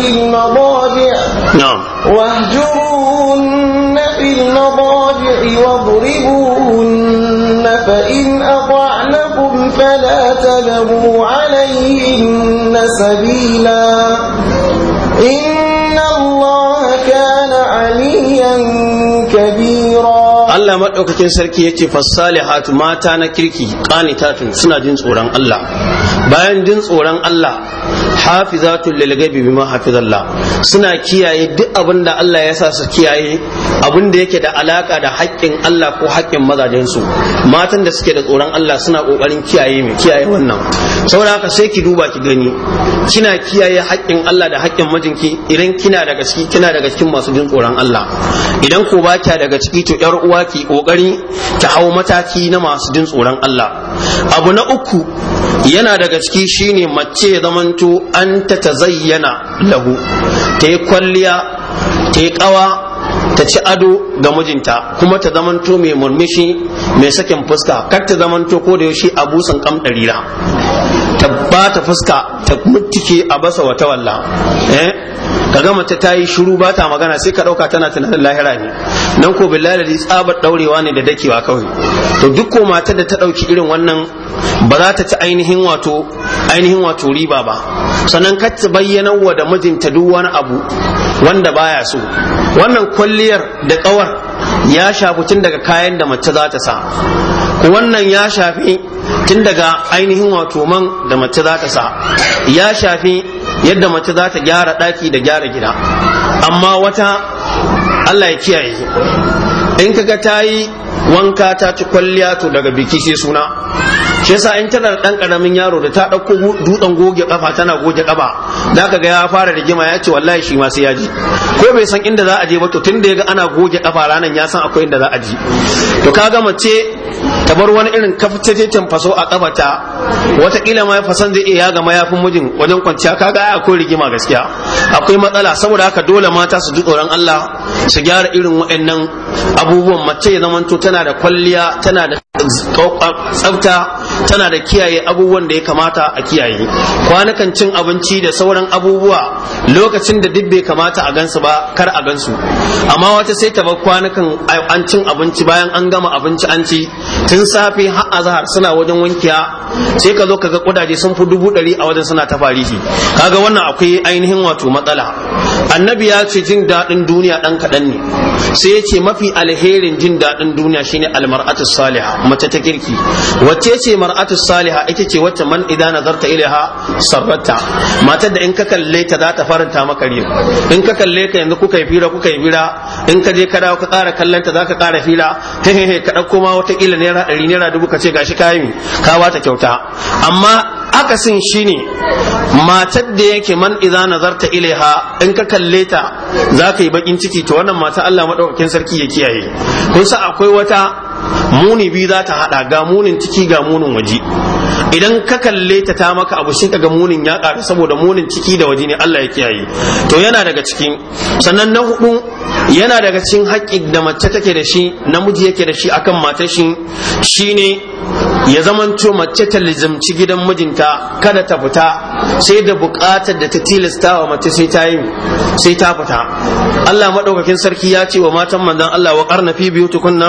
في المضاجع نعم واهجرون في المضاجع واضربوهن فإن أطعنكم فلا تبغوا عليهن سبيلا إن الله madaukakin sarki ya ce fassalihat mata na kirki qanitatun suna jin tsoron Allah bayan jin tsoron Allah hafizatul lil ghaibi bima hafizallah suna kiyaye duk abin da Allah ya sa su kiyaye abin da yake da alaka da haƙƙin Allah ko haƙƙin mazajen su matan da suke da tsoron Allah suna kokarin kiyaye mai kiyaye wannan saboda haka sai ki duba ki gani kina kiyaye haƙƙin Allah da haƙƙin mijinki idan kina daga ciki kina daga cikin masu jin tsoron Allah idan ko ba kya daga ciki to yar uwa ki kokari ta hau mataki na masu jin tsoron Allah abu na uku yana daga ciki shine mace ya zamanto an ta tazayyana lahu ta yi kwalliya ta yi kawa ta ci ado ga mijinta kuma ta zamanto mai murmushi mai sakin fuska kar ta zamanto ko da yaushe a busan kam ɗarira ta ba ta fuska ta mutike a basa wata walla eh Ka gama ta tayi shiru ba ta magana sai ka dauka tana tunanin lahira ne nan ko billahi da tsabar daurewa ne da dakewa kawai to duk ko matar da ta dauki irin wannan ba za ta ci ainihin wato ainihin wato riba ba sannan ka ta bayyana wa da mijinta duk wani abu wanda baya so wannan kwalliyar da kawar ya shafi tun daga kayan da mace za ta sa wannan ya shafi tun daga ainihin wato man da mace za ta sa ya shafi yadda mace za ta gyara ɗaki da gyara gida amma wata Allah ya kiyaye in kaga ta yi wanka ta ci kwalliya to daga biki sai suna shi yasa in tana dan karamin yaro da ta dauko dutsen goge kafa tana goge kafa da ka ga ya fara rigima ya ce wallahi shi ma sai ya ji ko bai san inda za a je ba to ya ga ana goge kafa ranan ya san akwai inda za a ji to kaga mace ta bar wani irin kaftataccen faso a wata watakila ma fasan zai iya ga mayafin mijin wajen kwanciya kaga akwai rigima gaskiya akwai matsala saboda haka dole mata su ji tsoron Allah su gyara irin waɗannan abubuwan mace ya zamanto tana da kwalliya tana da tsafta tana da kiyaye abubuwan da ya kamata a kiyaye kwanakan cin abinci da sauran abubuwa lokacin da duk bai kamata a gansu ba kar a gansu amma wata sai ta bar kwanakan an cin abinci bayan an gama abinci an ci tun safe har azhar suna wajen wankiya sai ka zo ka ga kudaje sun fi dubu ɗari a wajen suna ta farihi kaga wannan akwai ainihin wato matsala annabi ya ce jin daɗin duniya ɗan kaɗan ne sai ya ce mafi alherin jin daɗin duniya shine almar'atu salihah mace ta kirki wacce ce mar'atu salihah ita ce wacce man idza nazarta ilaiha sarrata matar da in ka kalle ta za ta faranta maka riyo in ka kalle ka yanzu kuka yi fira kuka yi fira in ka je ka dawo ka ƙara kallon ta za ka ƙara fira ta hehe ka ɗauko ma wata kila naira ɗari naira dubu ka ce gashi kayan ka bata kyauta amma akasin shine matar da yake man idza nazarta ilaiha in ka kalle ta za ka yi bakin ciki to wannan mata Allah madaukakin sarki ya kiyaye kun sa akwai wata muni biyu za ta haɗa ga munin ciki ga munin waje idan ka kalle ta ta maka abu sai kaga munin ya karu saboda munin ciki da waje ne Allah ya kiyaye to yana daga cikin sannan na hudu yana daga cikin haƙƙi da mace take da shi namiji yake da shi akan mata shi shine ya zamanto mace ta lizamci gidan mijinta kada ta fita sai da buƙatar da ta tilasta wa mace sai ta yi sai ta fita Allah madaukakin sarki ya ce wa matan manzon Allah wa qarna fi biyutukunna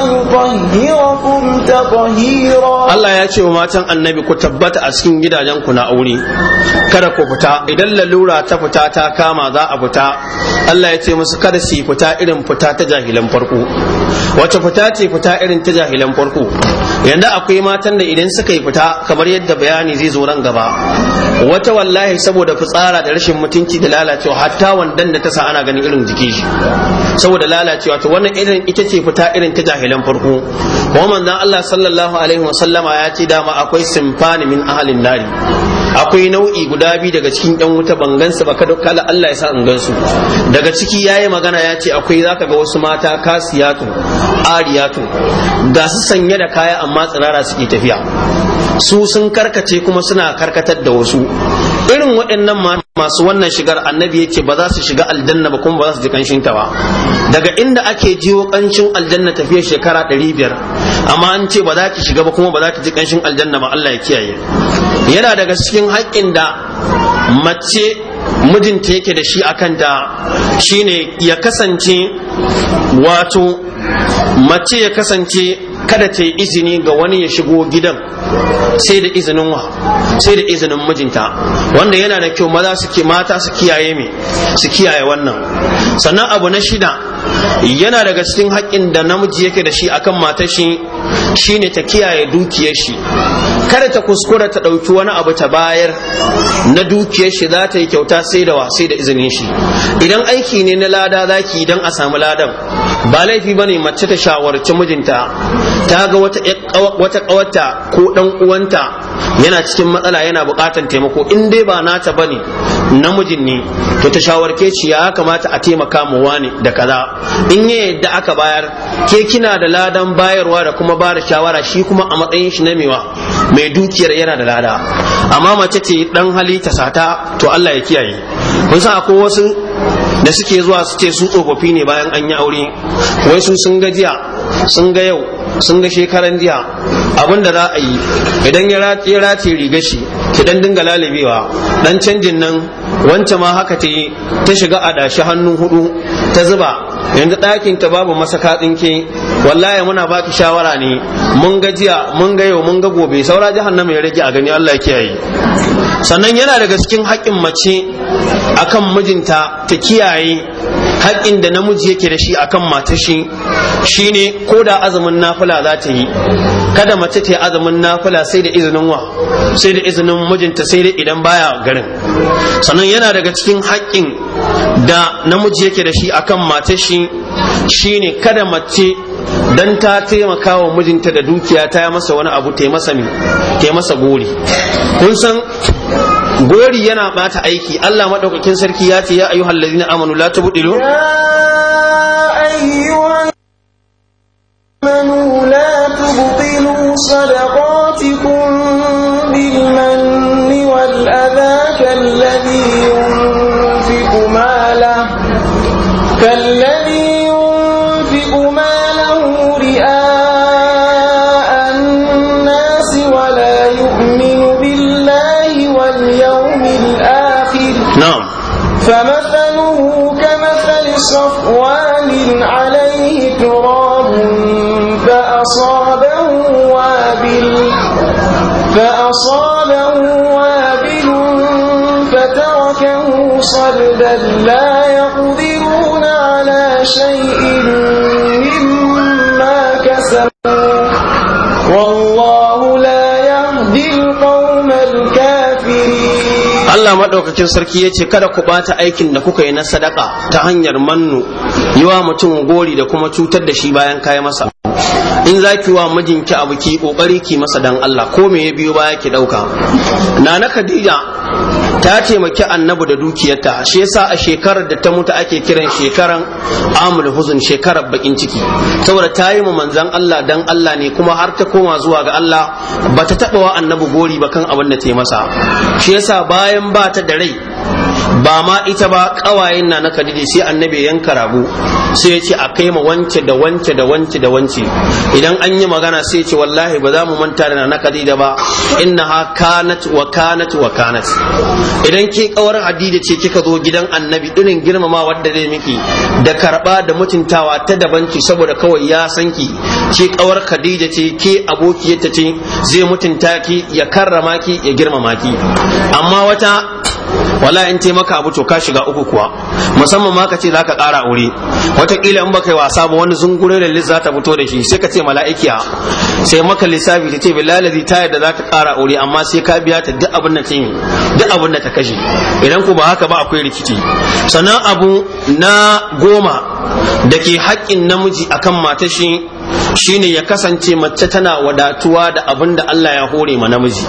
Allah ya ce wa matan annabi ku tabbata a cikin gidajen ku na aure kada ku fita idan lalura ta fita ta kama za a fita Allah ya ce musu kada su fita irin fita ta jahilan farko Wacce fita ce fita irin ta jahilan farko yanda akwai matan da idan suka yi fita kamar yadda bayani zai zo nan gaba wata wallahi saboda fitsara da rashin mutunci da lalacewa hatta wandan da ta sa ana ganin irin jiki shi saboda lalacewa to wannan irin ita ce fita irin ta jahilan fa'ilan farko kuma manzon Allah sallallahu alaihi wa sallama ya ce dama akwai simfani min ahalin nari akwai nau'i guda biyu daga cikin yan wuta ban gansu ba kada kala Allah ya sa in gansu daga ciki yayi magana ya ce akwai zaka ga wasu mata kasiyatu ariyatu ga su sanye da kaya amma tsirara suke tafiya su sun karkace kuma suna karkatar da wasu irin waɗannan masu wannan shigar annabi yake ba za su shiga aljanna ba kuma ba za su ji kanshin ta ba daga inda ake jiwo kancin aljanna tafiya shekara 500 amma an ce ba za ki shiga ba kuma ba za ki ji kanshin aljanna ba Allah ya kiyaye yana daga cikin haƙƙin da mace mijinta yake da shi a kanta shine ya kasance wato mace ya kasance kada ta yi izini ga wani ya shigo gidan sai da izinin wa sai da izinin mijinta wanda yana da kyau maza ke mata su kiyaye su kiyaye wannan sannan abu na shida yana daga cikin haƙƙin da namiji yake da shi akan matar shine ta kiyaye dukiyar shi kada ta kuskura ta ɗauki wani abu ta bayar na dukiyar shi za ta yi kyauta sai da sai da izinin shi idan aiki ne na lada za ki idan a samu ladan ba laifi bane mace ta shawarci mijinta ta ga wata ƙawarta ko dan uwanta yana cikin matsala yana bukatan taimako in dai ba nata bane namijin ne to ta shawarke ci ya kamata a taimaka mu wani da kaza in ya yadda aka bayar ke kina da ladan bayarwa da kuma ba da shawara shi kuma a matsayin shi na mewa mai dukiyar yana da lada amma mace ce dan hali ta sata to Allah ya kiyaye kun san akwai wasu da suke zuwa su ce su tsofaffi ne bayan an yi aure wai su sun gajiya sun ga yau sun ga shekaran jiya abin da za a yi idan ya race riga shi ki dan dinga lalabewa dan canjin nan wancan ma haka ta yi ta shiga a dashi hannu hudu ta zuba yanzu ɗakin ta babu masaka ɗinke wallahi muna baki shawara ne mun ga jiya mun ga yau mun ga gobe saura jihar jahannama ya rage a gani Allah ya kiyaye sannan yana daga cikin haƙƙin mace akan mijinta ta kiyaye haƙƙin da namiji yake da shi akan matar shi shine ko da azumin nafila za ta yi kada mace ta yi azumin nafila sai da izinin wa sai da izinin mijinta sai da idan baya garin sannan yana daga cikin haƙƙin da namiji yake da shi akan matar shi shine kada mace dan ta taimaka wa mijinta da dukiya ta masa wani abu ta masa mi ta masa gori kun san gori yana bata aiki Allah madaukakin sarki ya ce ya ayyuhal ladina amanu la tubdilu ya قلبا shan يقدرون على شيء مما كسبوا والله لا يهدي القوم الكافرين Allah madaukakin sarki ya ce kada ku bata aikin da kuka yi na sadaka ta hanyar mannu yiwa wa mutum gori da kuma cutar da shi bayan kayi masa in za ki wa mijinki abu ki kokari ki masa dan Allah ko me ya biyo baya ki dauka nana Khadija ta taimaki annabi da dukiyarta shi yasa a shekarar da ta mutu ake kiran shekaran amul huzun shekarar bakin ciki saboda ta yi mu manzan Allah dan Allah ne kuma har ta koma zuwa ga Allah ba ta taba wa annabi gori ba kan abin da ta yi masa shi yasa bayan ba ta da rai ba ma ita ba kawayen na na Khadija sai annabi yanka rago sai ya ce a kai ma wance da wance da wance da wance idan an yi magana sai ce wallahi ba za mu manta da na kadida ba ha kanat wa kanat wa kanat idan ke kawar Hadija ce kika zo gidan annabi irin girmama wadda zai miki da karba da mutuntawa ta daban ki saboda kawai ya san ki ke kawar Khadija ce ke abokiyarta ce zai mutunta ki ya karrama ki ya girmama ki amma wata wala in ce maka abu to ka shiga uku kuwa musamman ma ka ce zaka kara aure wataƙila in baka yi wasa ba wani zungure da liz za ta fito da shi sai ka ce mala'ikiya sai maka lissafi ta ce bilalazi ta yadda zaka kara aure amma sai ka biya ta duk abin da ta yi duk abin da ta kashe idan ku ba haka ba akwai rikici sannan abu na goma da ke haƙƙin namiji akan shi shine ya kasance mace tana wadatuwa da abin da Allah ya hore ma namiji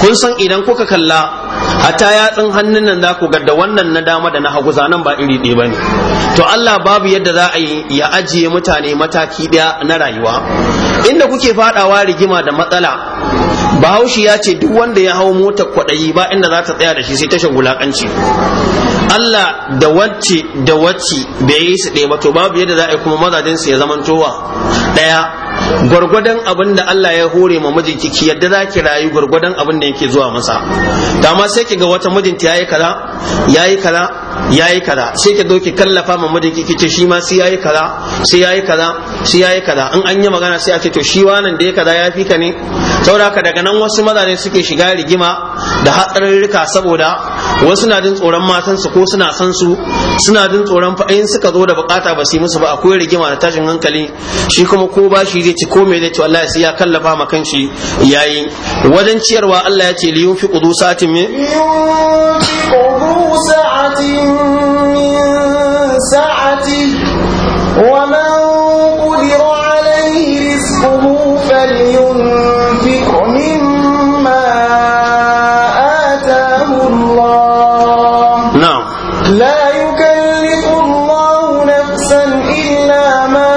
kun san idan kuka kalla Hata yatsun hannun nan za ga da wannan na dama da na hagu zanen ba iri ɗaya bane to Allah babu yadda za a yi ya ajiye mutane mataki ɗaya na rayuwa inda kuke fadawa rigima da matsala bahaushe ya ce duk wanda ya hau mota kwaɗayi ba inda za ta tsaya da shi sai tashin wulaƙanci. Allah da wacce da wacce bai yi su ɗaya ba to babu yadda za a yi kuma mazajen su ya zamantowa ɗaya gwargwadon abin da Allah ya hore ma mijinki ki yadda za ki rayu gwargwadon abin da yake zuwa masa dama sai ki ga wata mijinta yayi kaza yayi kaza Ya yi kaza sai ki doki kallafa ma madaki kice shi ma sai ya yi kaza sai ya yi kaza sai ya yi kaza in an yi magana sai a ce to shi wannan da ya kaza ya fi ka ne saboda daga nan wasu mazane suke shiga rigima da hatsarurruka saboda wasu na jin tsoron matan su ko suna san su suna jin tsoron fa in suka zo da bukata ba su yi musu ba akwai rigima da tashin hankali shi kuma ko ba shi zai ci ko me zai ci wallahi sai ya kallafa ma kanshi yayi wajen ciyarwa Allah ya ce li fi qudusatin min سعة من سعته ومن قدر عليه رزقه فلينفق مما آتاه الله نعم لا يكلف الله نفسا إلا ما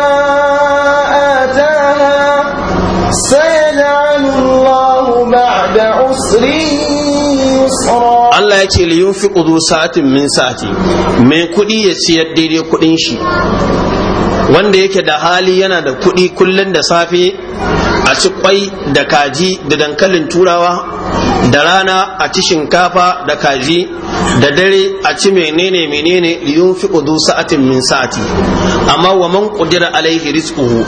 آتاها سيجعل الله بعد عسره ce li yin zu satin min sati mai kuɗi ya siyar daidai kuɗin shi wanda yake da hali yana da kuɗi kullum da safe a ci kwai da kaji da dankalin turawa da rana a ci shinkafa da kaji da dare a ci menene menene li fi zu sa'atin min sa'ati amma wa man qudira alaihi rizquhu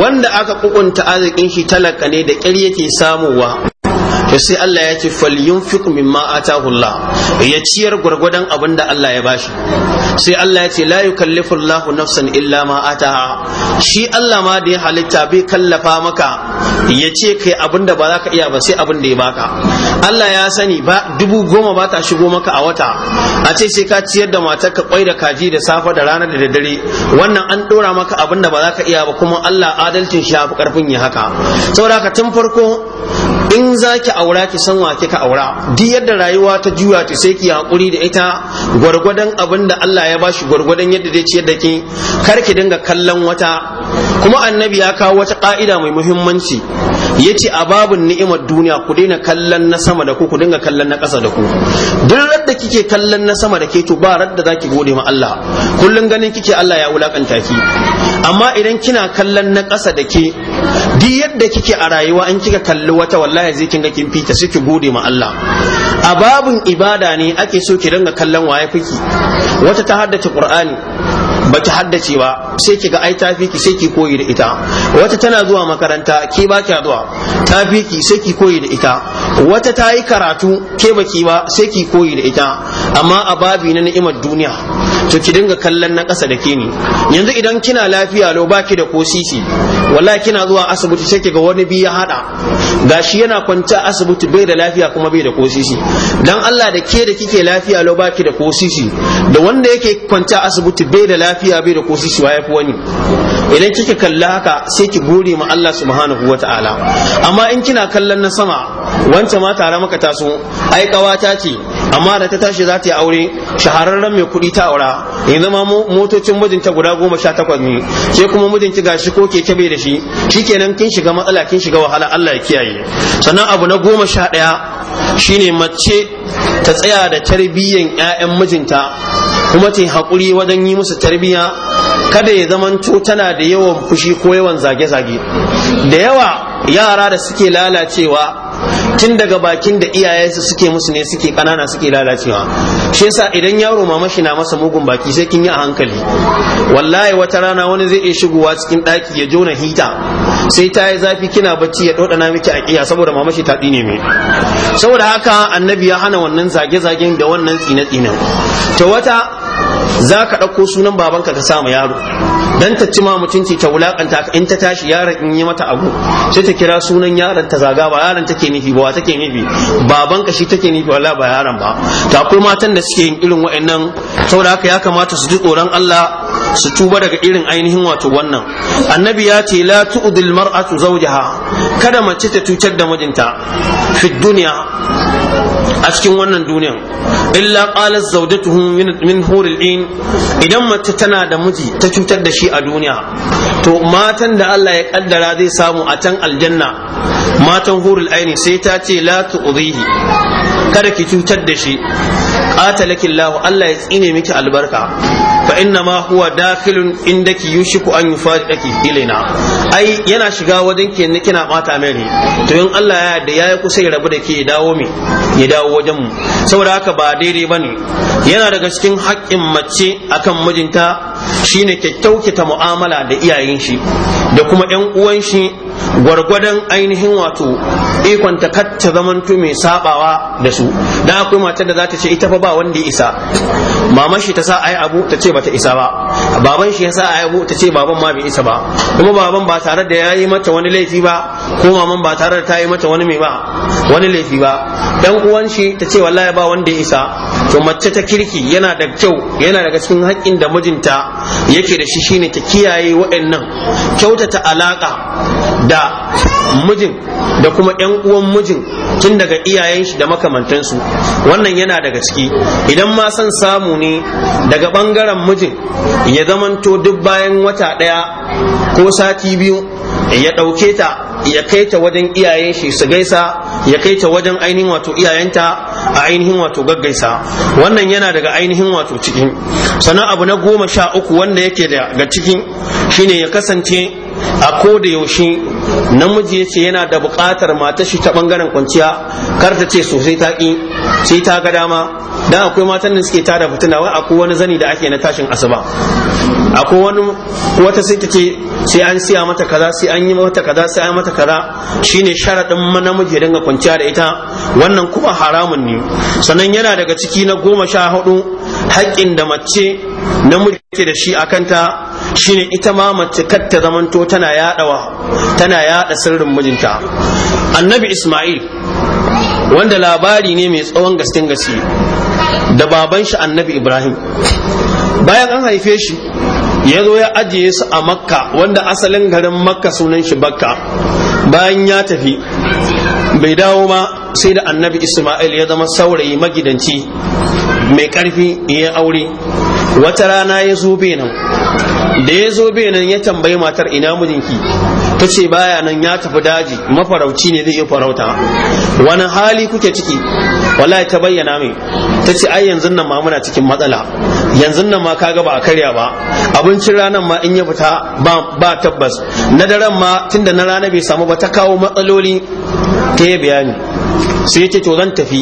wanda aka kukunta arzikin shi talaka ne da kyar yake samuwa to sai Allah ya ce falyunfiq mimma atahu Allah ya ciyar gwargwadon abin da Allah ya bashi sai Allah ya ce la yukallifu Allahu nafsan illa ma ataha shi Allah ma da ya halitta bai kallafa maka ya ce kai abin da ba za ka iya ba sai abin da ya baka Allah ya sani ba dubu goma ba ta shigo maka a wata a ce sai ka ciyar da matar ka kwai da kaji da safa da rana da daddare wannan an dora maka abin da ba za ka iya ba kuma Allah adalcin shi ya fi karfin ya haka saboda ka tun farko in zaki aura ki san wa kika aura duk yadda rayuwa ta juya ta sai ki hakuri da ita gwargwadon abinda Allah ya bashi gwargwadon yadda zai ciyar da ki kar ki dinga kallon wata kuma annabi ya kawo wata ka'ida mai muhimmanci yace a babun ni'imar duniya ku daina kallon na sama da ku ku dinga kallon na ƙasa da ku duk radda kike kallon na sama da ke to ba radda zaki gode ma Allah kullun ganin kike Allah ya wulakanta ki amma idan kina kallon na ƙasa da ke duk yadda kike a rayuwa an kika kalli wata wallahi zai kinga ki cikin fita sai ki gode ma Allah a babun ibada ne ake so ki dinga kallon waye kuki wata ta haddace Qur'ani baki haddace ba sai ki ga ai tafi ki sai ki koyi da ita wata tana zuwa makaranta ke ba kya zuwa tafi ki sai ki koyi da ita wata ta yi karatu ke baki ba sai ki koyi da ita amma a babi na ni'imar duniya to ki dinga kallon na ƙasa da ke ni yanzu idan kina lafiya lau baki da ko sisi wallahi kina zuwa asibiti sai ki ga wani bi ya hada gashi yana kwanta asibiti bai da lafiya kuma bai da ko sisi dan Allah da ke da kike lafiya lau baki da ko sisi da wanda yake kwanta asibiti bai da lafiya lafiya bai da ko su shi ya fi wani idan kike kalla haka sai ki gode ma Allah subhanahu wata'ala amma in kina kallon na sama wancan ma tare maka taso ai kawata ce amma da ta tashi za ta yi aure shahararren mai kuɗi ta aura yanzu zama motocin mijinta guda goma sha takwas ne sai kuma mijinki gashi ko keke bai da shi shikenan kin shiga matsala kin shiga wahala Allah ya kiyaye sannan abu na goma sha ɗaya shine mace ta tsaya da tarbiyyan 'ya'yan mijinta kuma ta yi haƙuri wajen yi musu tarbiyya kada ya zamanto tana da yawan fushi ko yawan zage-zage da yawa yara da suke lalacewa tun daga bakin da iyayensu suke musu ne suke kanana suke lalacewa shi yasa idan yaro mama shi na masa mugun baki sai kin yi a hankali wallahi wata rana wani zai iya shigowa cikin daki ya jona hita sai ta yi zafi kina bacci ya na miki a saboda mama shi ta tsine mai saboda haka annabi ya hana wannan zage-zagen da wannan tsine-tsinen to wata za ka ɗauko sunan babanka ka sama yaro dan ta cima mutunci ta wulakanta in ta tashi yaron in yi mata abu sai ta kira sunan yaron ta zaga ba yaron take nufi ba take nufi babanka shi take nufi wala ba yaron ba ta akwai matan da suke yin irin wa'annan saboda haka ya kamata su ji tsoron Allah su tuba daga irin ainihin wato wannan annabi ya ce la tu'dil mar'atu zawjaha kada mace ta cutar da mijinta fi duniya a cikin wannan duniyan illa qala zawdatuhu min huril in idan mace tana da miji ta cutar da shi a duniya to matan da Allah ya kaddara zai samu a can aljanna matan hurul aini sai ta ce la tu'dhihi kada ki cutar da shi qatalakillahu Allah ya tsine miki albarka fa inna ma huwa dakhilun indaki yushiku an yufaridaki ilaina ai yana shiga wajen ke kina bata mai ne to in Allah ya yarda yayi kusa ya rabu da ke ya dawo ya dawo wajen mu saboda haka ba daidai bane yana daga cikin haƙƙin mace akan mijinta shine kyakkyauke ta mu'amala da iyayen shi da kuma yan uwan shi gwargwadon ainihin wato ikon ta zaman mai sabawa da su dan akwai matar da za ta ce ita fa ba wanda ya isa maman shi ta sa ai abu ta ce bata isa ba baban shi ya sa ai abu ta ce baban ma bai isa ba kuma baban ba tare da yayi mata wani laifi ba ko maman ba tare da ta yi mata wani mai ba wani laifi ba dan uwan shi ta ce wallahi ba wanda ya isa to mace ta kirki yana da kyau yana daga cikin haƙƙin da mijinta yake da shi shine ta kiyaye waɗannan kyautata alaka da mijin da kuma 'yan uwan mijin tun daga iyayen shi da makamantansu wannan yana daga ciki idan ma san samu ne daga ɓangaren mijin ya zamanto duk bayan wata ɗaya ko sati biyu ya ɗauke ta ya kai ta wajen iyayen shi su gaisa ya kai ta wajen ainihin wato iyayenta a ainihin wato gaggaisa wannan yana daga ainihin wato cikin sannan abu na goma sha uku wanda yake daga cikin shine ya kasance a ko yaushe namiji yace yana da buƙatar matar shi ta ɓangaren kwanciya kar ta ce sosai ta ki sai ta ga dama dan akwai matan da suke tada fitina wai akwai wani zani da ake na tashin asuba akwai wani wata sai ta ce sai an siya mata kaza sai an yi mata kaza sai an mata kaza shine sharadin namiji ya dinga kwanciya da ita wannan kuma haramun ne sannan yana daga ciki na goma sha hudu haƙƙin da mace namiji yake da shi a kanta shine ita ma mace kar ta zamanto tana yaɗawa tana yaɗa sirrin mijinta annabi isma'il wanda labari ne mai tsawon gaskin gaske da baban shi annabi ibrahim bayan an haife shi ya zo ya ajiye su a makka wanda asalin garin makka sunan shi bakka bayan ya tafi bai dawo ma sai da annabi isma'il ya zama saurayi magidanci mai karfi ya aure wata rana ya zo benin da ya zo benin ya tambayi matar ina mijinki ta ce baya nan ya tafi daji mafarauci ne zai iya farauta wani hali kuke ciki wallahi ta bayyana mai ta ce ai yanzu nan ma muna cikin matsala yanzu nan ma kaga ba a karya ba abincin ranar ma in ya fita ba tabbas na daren ma tunda na rana bai samu ba ta kawo matsaloli ta yi bayani sai ya ce to zan tafi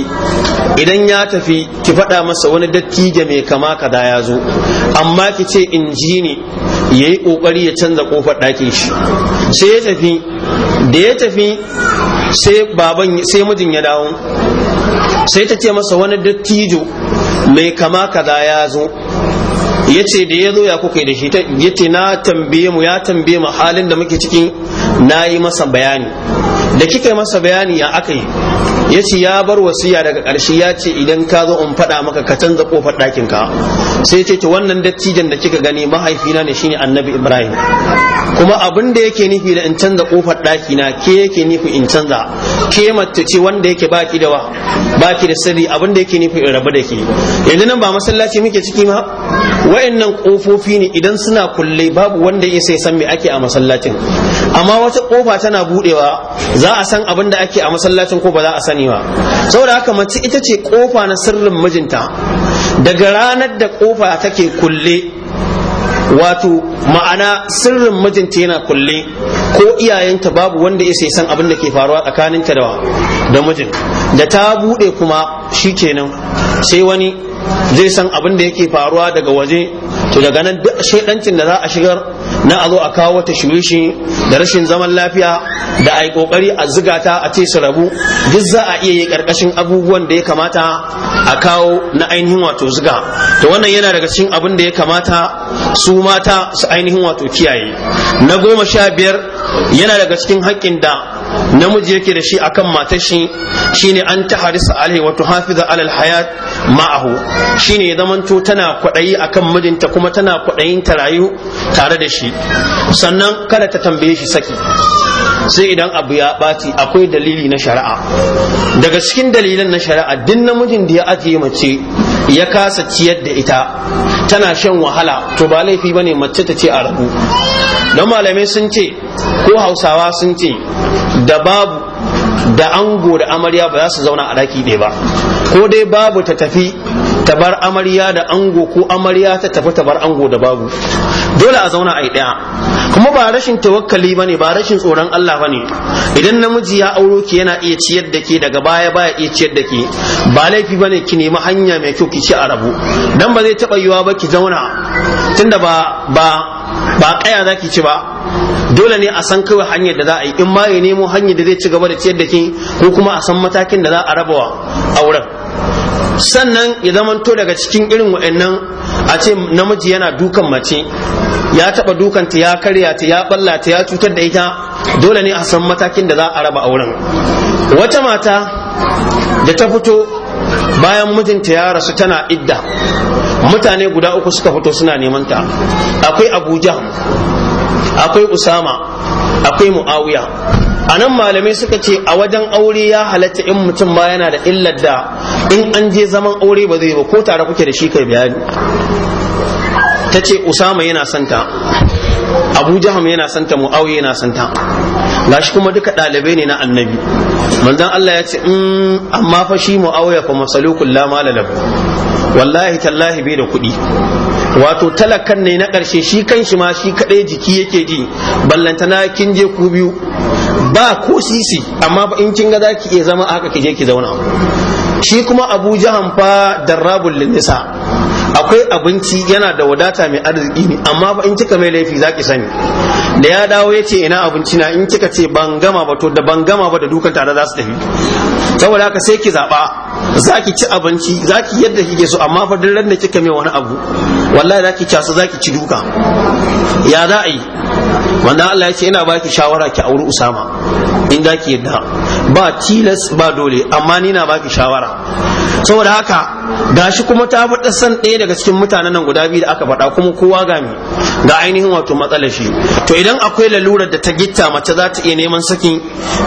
idan ya tafi ki faɗa masa wani dattijo mai kama kaza ya zo amma ki ce in ji ne ya yi ƙoƙari ya canza ƙofar ɗakin shi sai ya tafi da ya tafi sai baban sai mijin ya dawo sai ta ce masa wani dattijo mai kama kaza ya zo ya ce da ya zo ya kuka da shi ya ce na tambaye mu ya tambaye mu halin da muke cikin na yi masa bayani da kika masa bayani a aka yi ya ce ya bar wasiya daga ƙarshe ya ce idan ka zo in faɗa maka ka canza ƙofar ɗakin ka sai ce to wannan dattijan da kika gani mahaifina ne shine annabi ibrahim kuma abin da yake nufi da in canza kofar daki na ke yake nufi in canza ke mace ce wanda yake baki da wa baki da sirri abin da yake nufi in rabu da ke yanzu nan ba masallaci muke ciki ma wayannan kofofi ne idan suna kulle babu wanda ya sai san me ake a masallacin amma wata kofa tana budewa za a san abin da ake a masallacin ko ba za a sani ba saboda haka mace ita ce kofa na sirrin mijinta daga ranar da kofa take kulle wato ma'ana sirrin mijinta yana kulle ko iyayenta babu wanda ya san abin da ke faruwa tsakaninta da da mijin da ta bude kuma shikenan sai wani zai san abin da yake faruwa daga waje to daga nan duk shaidancin da za a shigar na a zo a kawo wata shirushi da rashin zaman lafiya da a yi kokari a zigata a ce su rabu duk za a iya yi karkashin abubuwan da ya kamata a kawo na ainihin wato ziga to wannan yana daga cikin abin da ya kamata su mata su ainihin wato kiyaye na goma sha biyar yana daga cikin haƙƙin da namiji yake da shi akan matar shi shine an ta harisa alai wa hafiza alal hayat ma'ahu shine ya zamanto tana kwadayi akan mijinta kuma tana kwadayin ta rayu tare da shi sannan kada ta tambaye shi saki sai idan abu ya ɓaci akwai dalili na shari'a daga cikin dalilan na shari'a duk namijin da ya ajiye mace ya kasa ciyar da ita tana shan wahala to ba laifi bane mace ta ce a rabu don malamai sun ce ko hausawa sun ce da babu da ango da amarya ba za su zauna a ɗaki ɗaya ba ko dai babu ta tafi ta bar amarya da ango ko amarya ta tafi ta bar ango da babu dole a zauna a yi ɗaya kuma ba rashin tawakkali ba ne ba rashin tsoron Allah ba ne idan namiji ya auro ki yana iya ciyar da ke daga baya baya iya ciyar da ke ba laifi ba ne ki nemi hanya mai kyau ki ci a rabu dan ba zai taɓa yiwa ba ki zauna tunda ba ba ba kaya zaki ci ba dole ne a san kawai hanyar da za a yi in ma ya nemo hanyar da zai ci gaba da ciyar da ke ko kuma a san matakin da za a rabawa auren sannan ya zamanto daga cikin irin wa'annan a ce namiji yana dukan mace ya taba dukanta ya karya ta ya balla ta ya cutar da ita dole ne a san matakin da za a raba auren wata mata da ta fito bayan mijinta ya rasu tana idda mutane guda uku suka fito suna neman ta akwai abuja akwai usama akwai muawiya a nan malamai suka ce a wajen aure ya halatta in mutum ma yana da illar da in an je zaman aure ba zai ba ko tare kuke da shi kai bayani ta ce usama yana santa abu jaham yana santa mu'awiya yana santa gashi kuma duka ɗalibai ne na annabi manzon Allah ya ce mm, amma fa shi mu'awiya fa masalukun la wallahi tallahi bai da kuɗi wato talakan ne na ƙarshe shi kan shi ma shi kaɗai jiki yake ji ballantana kin je ku biyu ba ko sisi amma ba in kin ga za ki iya zama aka ki je ki zauna shi kuma abu jahan fa darrabul nisa akwai abinci yana da wadata mai arziki ne amma ba in kika mai laifi zaki sani da ya dawo yace ina abinci na in kika ce ban gama ba to da ban gama ba da dukan tare za su tafi saboda haka sai ki zaɓa. za ki ci abinci za ki yadda kike so amma fa duk da kika mai wani abu wallahi za ki casu za ki ci duka ya za a yi wannan Allah ya ce ina baki shawara ki auri Usama in da ki yadda ba tilas ba dole amma ni na baki shawara saboda haka gashi kuma ta faɗa san ɗaya daga cikin mutanen nan guda biyu da aka faɗa kuma kowa ga mi ga ainihin wato matsalar shi to idan akwai lalurar da ta gitta mace za ta iya neman saki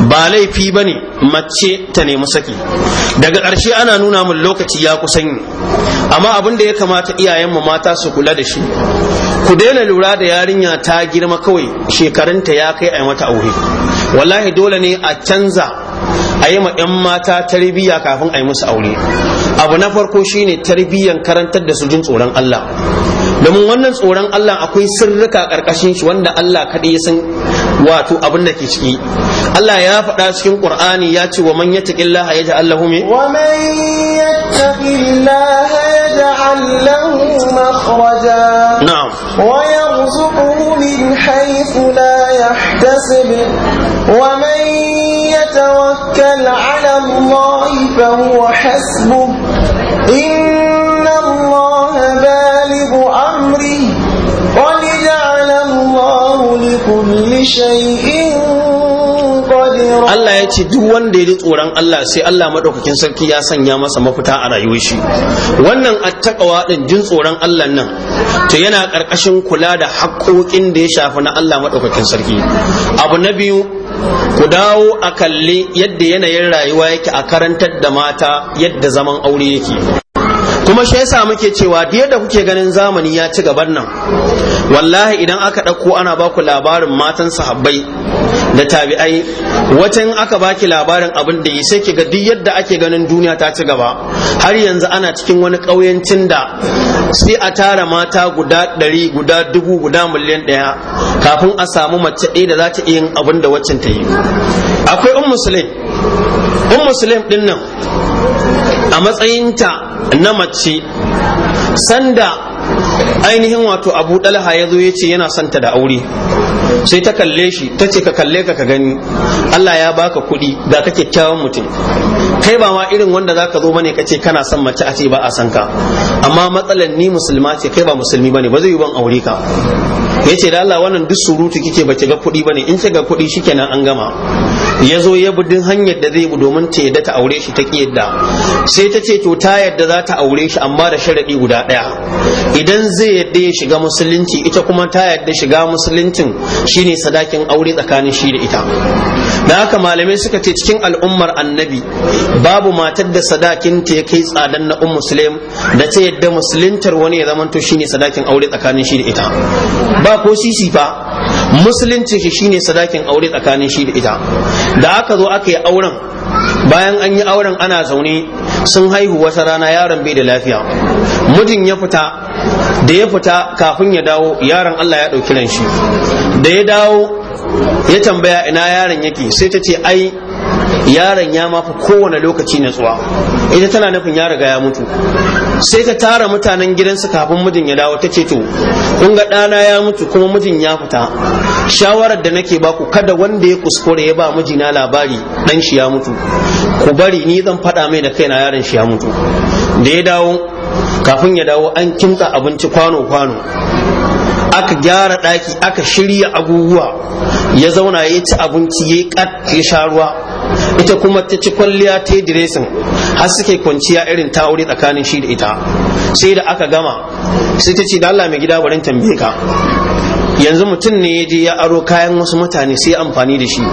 ba laifi bane mace ta nemi saki daga ƙarshe shi ana nuna min lokaci ya kusan amma abin da ya kamata iyayen mu mata su kula da shi ku daina lura da yarinya ta girma kawai shekarunta ya kai a mata aure wallahi dole ne a canza a yi ma 'yan mata tarbiyya kafin a yi musu aure abu na farko shine tarbiyyan karantar da su jin tsoron Allah domin wannan tsoron Allah akwai sirrika karkashin shi wanda Allah kaɗai ya san wato abin da ke ciki Allah ya faɗa cikin Qur'ani ya ce wa man yattaqillaha yaj'al lahu min wa man yattaqillaha yaj'al lahu makhraja na'am wa yarzuquhu min haythu la yahtasib wa man yatawakkal 'ala Allah fa huwa hasbuh Allah ya ce duk wanda ya ji tsoron Allah sai Allah madaukakin sarki ya sanya masa mafita a rayuwar shi wannan attaqwa din jin tsoron Allah nan to yana ƙarƙashin kula da haƙoƙin da ya shafi na Allah madaukakin sarki abu na biyu ku dawo a kalli yadda yanayin rayuwa yake a karantar da mata yadda zaman aure yake kuma shi yasa muke cewa da yadda kuke ganin zamani ya ci gaban nan wallahi idan aka ɗauko ana baku labarin matan sahabbai da tabi'ai watan aka baki labarin abin da yi sai kiga duk yadda ake ganin duniya ta ci gaba har yanzu ana cikin wani ƙauyancin da sai a tara mata guda ɗari guda dubu guda miliyan ɗaya kafin a samu mace ɗaya da za ta iya yin abin da waccan ta yi akwai un musulun un musulun ɗin nan a matsayinta na mace sanda ainihin wato abu ɗalha ya zo ya ce yana santa da aure sai ta kalle shi ta ce ka kalle ka ka gani Allah ya baka kuɗi da ka kyakkyawan mutum kai ba ma irin wanda zaka zo bane ka ce kana son mace a ce ba a san ka amma matsalan ni musulma ce kai ba musulmi bane ba zai yi ban aure ka yace da Allah wannan duk surutu kike ba ki ga kuɗi bane in ki ga kuɗi shikenan an gama ya zo ya budin hanyar da zai bi domin ta yadda ta aure shi ta ki yadda sai ta ce to ta yadda za ta aure shi amma da sharaɗi guda ɗaya idan zai yadda ya shiga musulunci ita kuma ta yadda shiga musuluncin shine sadakin aure tsakanin shi da ita da haka malamai suka ce cikin al'ummar annabi babu matar da sadakin ta ya kai tsadan na um muslim da ta yadda musuluntar wani ya zamanto shine sadakin aure tsakanin shi da ita ba ko sisi fa musulunci shi shine sadakin aure tsakanin shi da ita da aka zo aka yi auren bayan an yi auren ana zaune sun haihu wata rana yaron bai da lafiya mutum ya fita da ya fita kafin ya dawo yaron Allah ya ɗauki ran shi da ya dawo ya tambaya ina yaron yake sai ta ce ai yaron ya mafi kowane lokaci natsuwa ita tana nufin ya riga ya mutu sai ta tara mutanen gidansu kafin mijin ya dawo ta ce to kun ga ɗana ya mutu kuma mijin ya fita shawarar da nake baku kada wanda ya kuskure ya ba mijina labari dan shi ya mutu ku bari ni zan faɗa mai da kaina yaron shi ya mutu da ya dawo kafin ya dawo an kinta abinci kwano-kwano aka gyara ɗaki aka shirya abubuwa ya zauna ya ci abinci ya kat ya sha ruwa ita kuma ta ci kwalliya ta yi diresin har suke kwanciya irin ta aure tsakanin shi da ita sai da aka gama sai ta ce da Allah mai gida barin tambaye ka yanzu mutum ne ya je ya aro kayan wasu mutane sai amfani da shi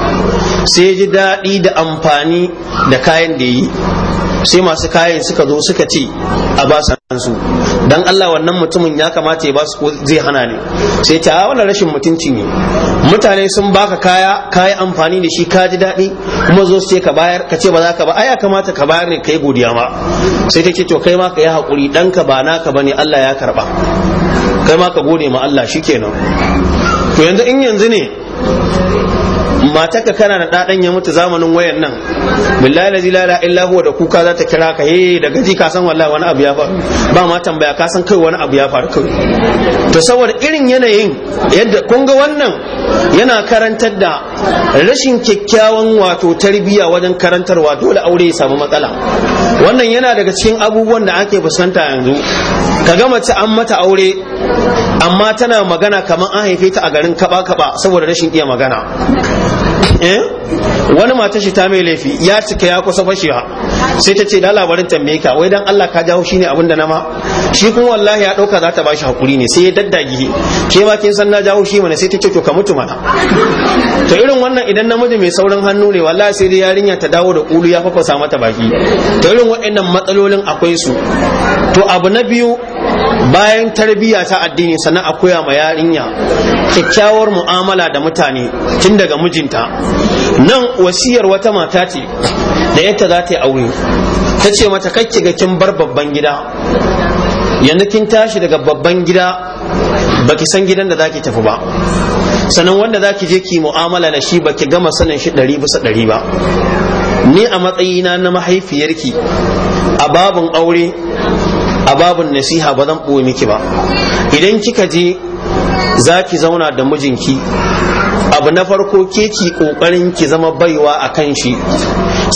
sai ji daɗi da amfani da kayan da yi sai masu kayan suka zo suka ce a ba su dan Allah wannan mutumin ya kamata ya ba su ko zai hana ne sai ta wannan rashin mutunci ne mutane sun baka kaya kayi amfani da shi ka ji daɗi kuma zo su ce ka bayar ka ce ba za ka ba ai ya kamata ka bayar ne kai godiya ma sai ta ce to kai ma ka yi hakuri dan ka ba naka bane Allah ya karɓa. kai ma ka gode ma Allah shikenan to yanzu in yanzu ne matarka kana da ɗaɗan ya mutu zamanin wayan nan billahi la ilaha illa huwa da kuka za ta kira ka he da gaji ka san wallahi wani abu ya faru ba ma tambaya ka san kai wani abu ya faru kai to saboda irin yanayin yadda kun ga wannan yana karantar da rashin kyakkyawan wato tarbiyya wajen karantarwa dole aure ya samu matsala wannan yana daga cikin abubuwan da ake fuskanta yanzu ka ga mace an mata aure amma tana magana kamar an haife ta a garin kaba kaba saboda rashin iya magana Eh? wani mata shi ta mai laifi ya cika ya kusa fashewa sai ta ce da labarin tambaye ka wai dan Allah ka jawo shi ne abin da na ma shi kuma wallahi ya dauka za ta bashi hakuri ne sai ya daddage ke ma kin san na jawo shi mana sai ta ce to ka mutu mana to irin wannan idan namiji mai saurin hannu ne wallahi sai dai yarinya ta dawo da kulu ya fafasa mata baki to irin waɗannan matsalolin akwai su to abu na biyu bayan tarbiyya ta addini sannan a koya ma yarinya kyakkyawar mu'amala da mutane tun daga mijinta nan wasiyar wata mata ce da yadda za ta yi aure ta ce mata kakki ga kin bar babban gida yanzu kin tashi daga babban gida baki san gidan da zaki tafi ba sannan wanda zaki je ki mu'amala da shi baki gama sanin shi ɗari bisa ɗari ba ni a matsayina na mahaifiyarki a babin aure a babun nasiha ba zan ɓoye miki ba idan kika je za ki zauna da mijinki abu na farko ke ki kokarin ki zama baiwa a kan shi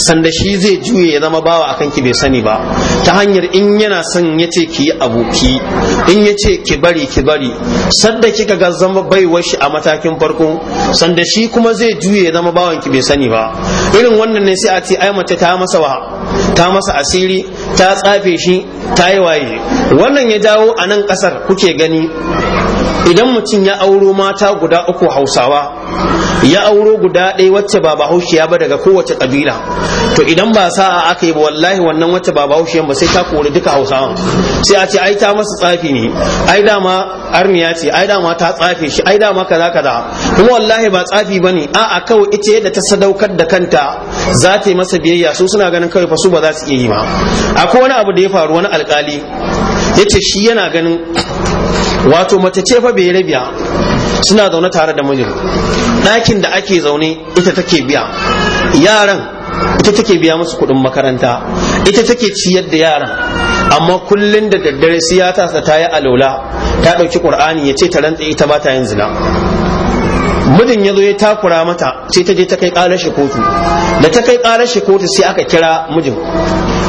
sanda shi zai juye ya zama bawa a kanki bai sani ba ta hanyar in yana son ya ce ki yi aboki in ya ce ki bari ki bari sanda kika ga zama baiwa shi a matakin farko sanda shi kuma zai juye ya zama bawan ki bai sani ba irin wannan ne sai a ce ai mace ta masa wa ta masa asiri ta tsafe shi ta yi waye wannan ya jawo a nan kasar kuke gani idan mutum ya auro mata guda uku hausawa ya auro guda ɗaya wacce ba bahaushiya ba daga kowace ƙabila to idan ba sa'a aka yi ba wallahi wannan wacce ba bahaushiyan ba sai ta kori duka Hausawa sai a ce ai ta masa tsafi ne ai dama arniya ce ai dama ta tsafe shi ai dama kaza kaza kuma wallahi ba tsafi ba ne a'a kawai ita yadda ta sadaukar da kanta za ta yi masa biyayya su suna ganin kawai fa su ba za su iya yi ba akwai wani abu da ya faru wani alkali yace shi yana ganin wato mace ce fa bai rabiya suna zaune tare da mijin ɗakin da ake zaune ita take biya yaran ita take biya musu kuɗin makaranta ita take ciyar da yaran amma kullun da daddare siyata ta yi alola ta ɗauki ƙur'ani ya ce ta rantsa ita ba ta yin zina mijin ya zo ya takura mata sai ta je ta kai ƙarar shi kotu da ta kai ƙarar kotu sai aka kira mijin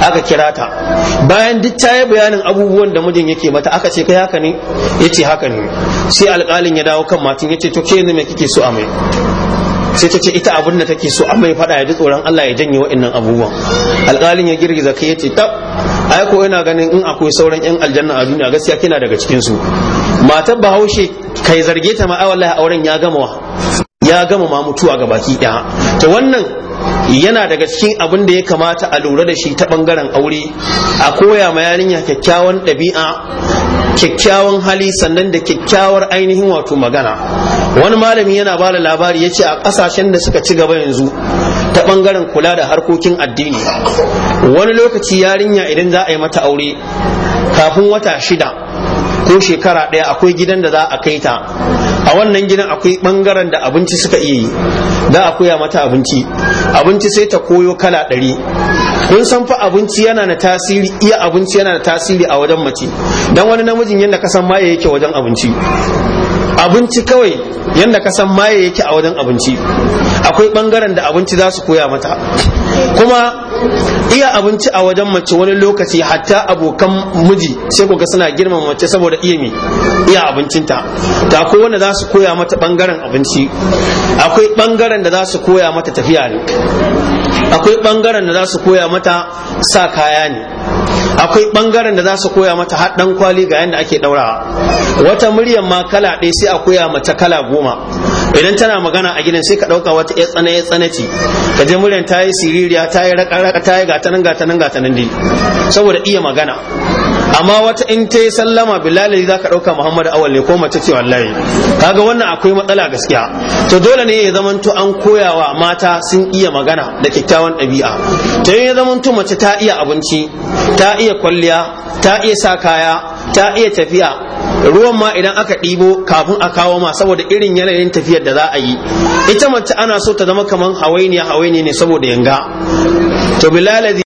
aka kira ta bayan duk ta yi bayanin abubuwan da mijin yake mata aka ce kai haka ne yace haka ne sai alƙalin ya dawo kan ya ce to ke ne me kike so a mai sai ta ce ita abin da take so a mai faɗa ya ji tsoron Allah ya janye wa'annan abubuwan alƙalin ya girgiza kai ya ce tab ai ko yana ganin in akwai sauran yan aljanna a duniya gaskiya kina daga cikin su matar bahaushe kai zarge ta ma ai wallahi auren ya gama ya gama ma mutuwa ga baki ɗaya to wannan yana daga cikin abin da ya kamata a lura da shi ta bangaren aure a koya ma yarinya kyakkyawan ɗabi'a kyakkyawan hali sannan da kyakkyawar ainihin wato magana wani malami yana ba da labari ya ce a ƙasashen da suka ci gaba yanzu ta bangaren kula da harkokin addini wani lokaci yarinya idan za a yi mata aure kafin wata shida ko shekara ɗaya akwai gidan da za a kai ta a wannan gidan akwai bangaren da abinci suka iya yi da koya mata abinci abinci sai ta koyo kala ɗari kun san fa abinci yana da tasiri iya abinci yana da tasiri a wajen mace dan wani namijin yadda ka san maye yake wajen abinci abinci kawai yanda ka san maye yake a wajen abinci akwai bangaren da abinci za su koya mata kuma iya abinci a wajen mace wani lokaci hatta abokan miji sai koga suna girmama mace saboda iya mi iya abincinta ta akwai wanda za su koya mata bangaren abinci akwai bangaren da za su koya mata tafiya ne akwai bangaren da za su koya mata sa kaya ne akwai bangaren da za su koya mata haɗan kwali ga yadda ake ɗaurawa wata muryan ma kala ɗaya sai a koya mata kala goma idan tana magana a gidan sai ka ɗauka wata ya tsana ya tsana ce ka je muryan ta yi siririya ta yi raka ta yi gatanan gatanan gatanan dai saboda iya magana amma wata in ta yi sallama bilali za ka ɗauka Muhammadu awal ne ko mace ce wallahi kaga wannan akwai matsala gaskiya to dole ne ya zamanto an koya wa mata sun iya magana da kyakkyawan ɗabi'a Ta yi ya zamanto mace ta iya abinci ta iya kwalliya ta iya sa kaya ta iya tafiya ruwan ma idan aka ɗibo kafin a kawo ma saboda irin yanayin tafiyar da za a yi ita mace ana so ta zama kamar hawainiya hawainiya ne saboda yanga to bilalazi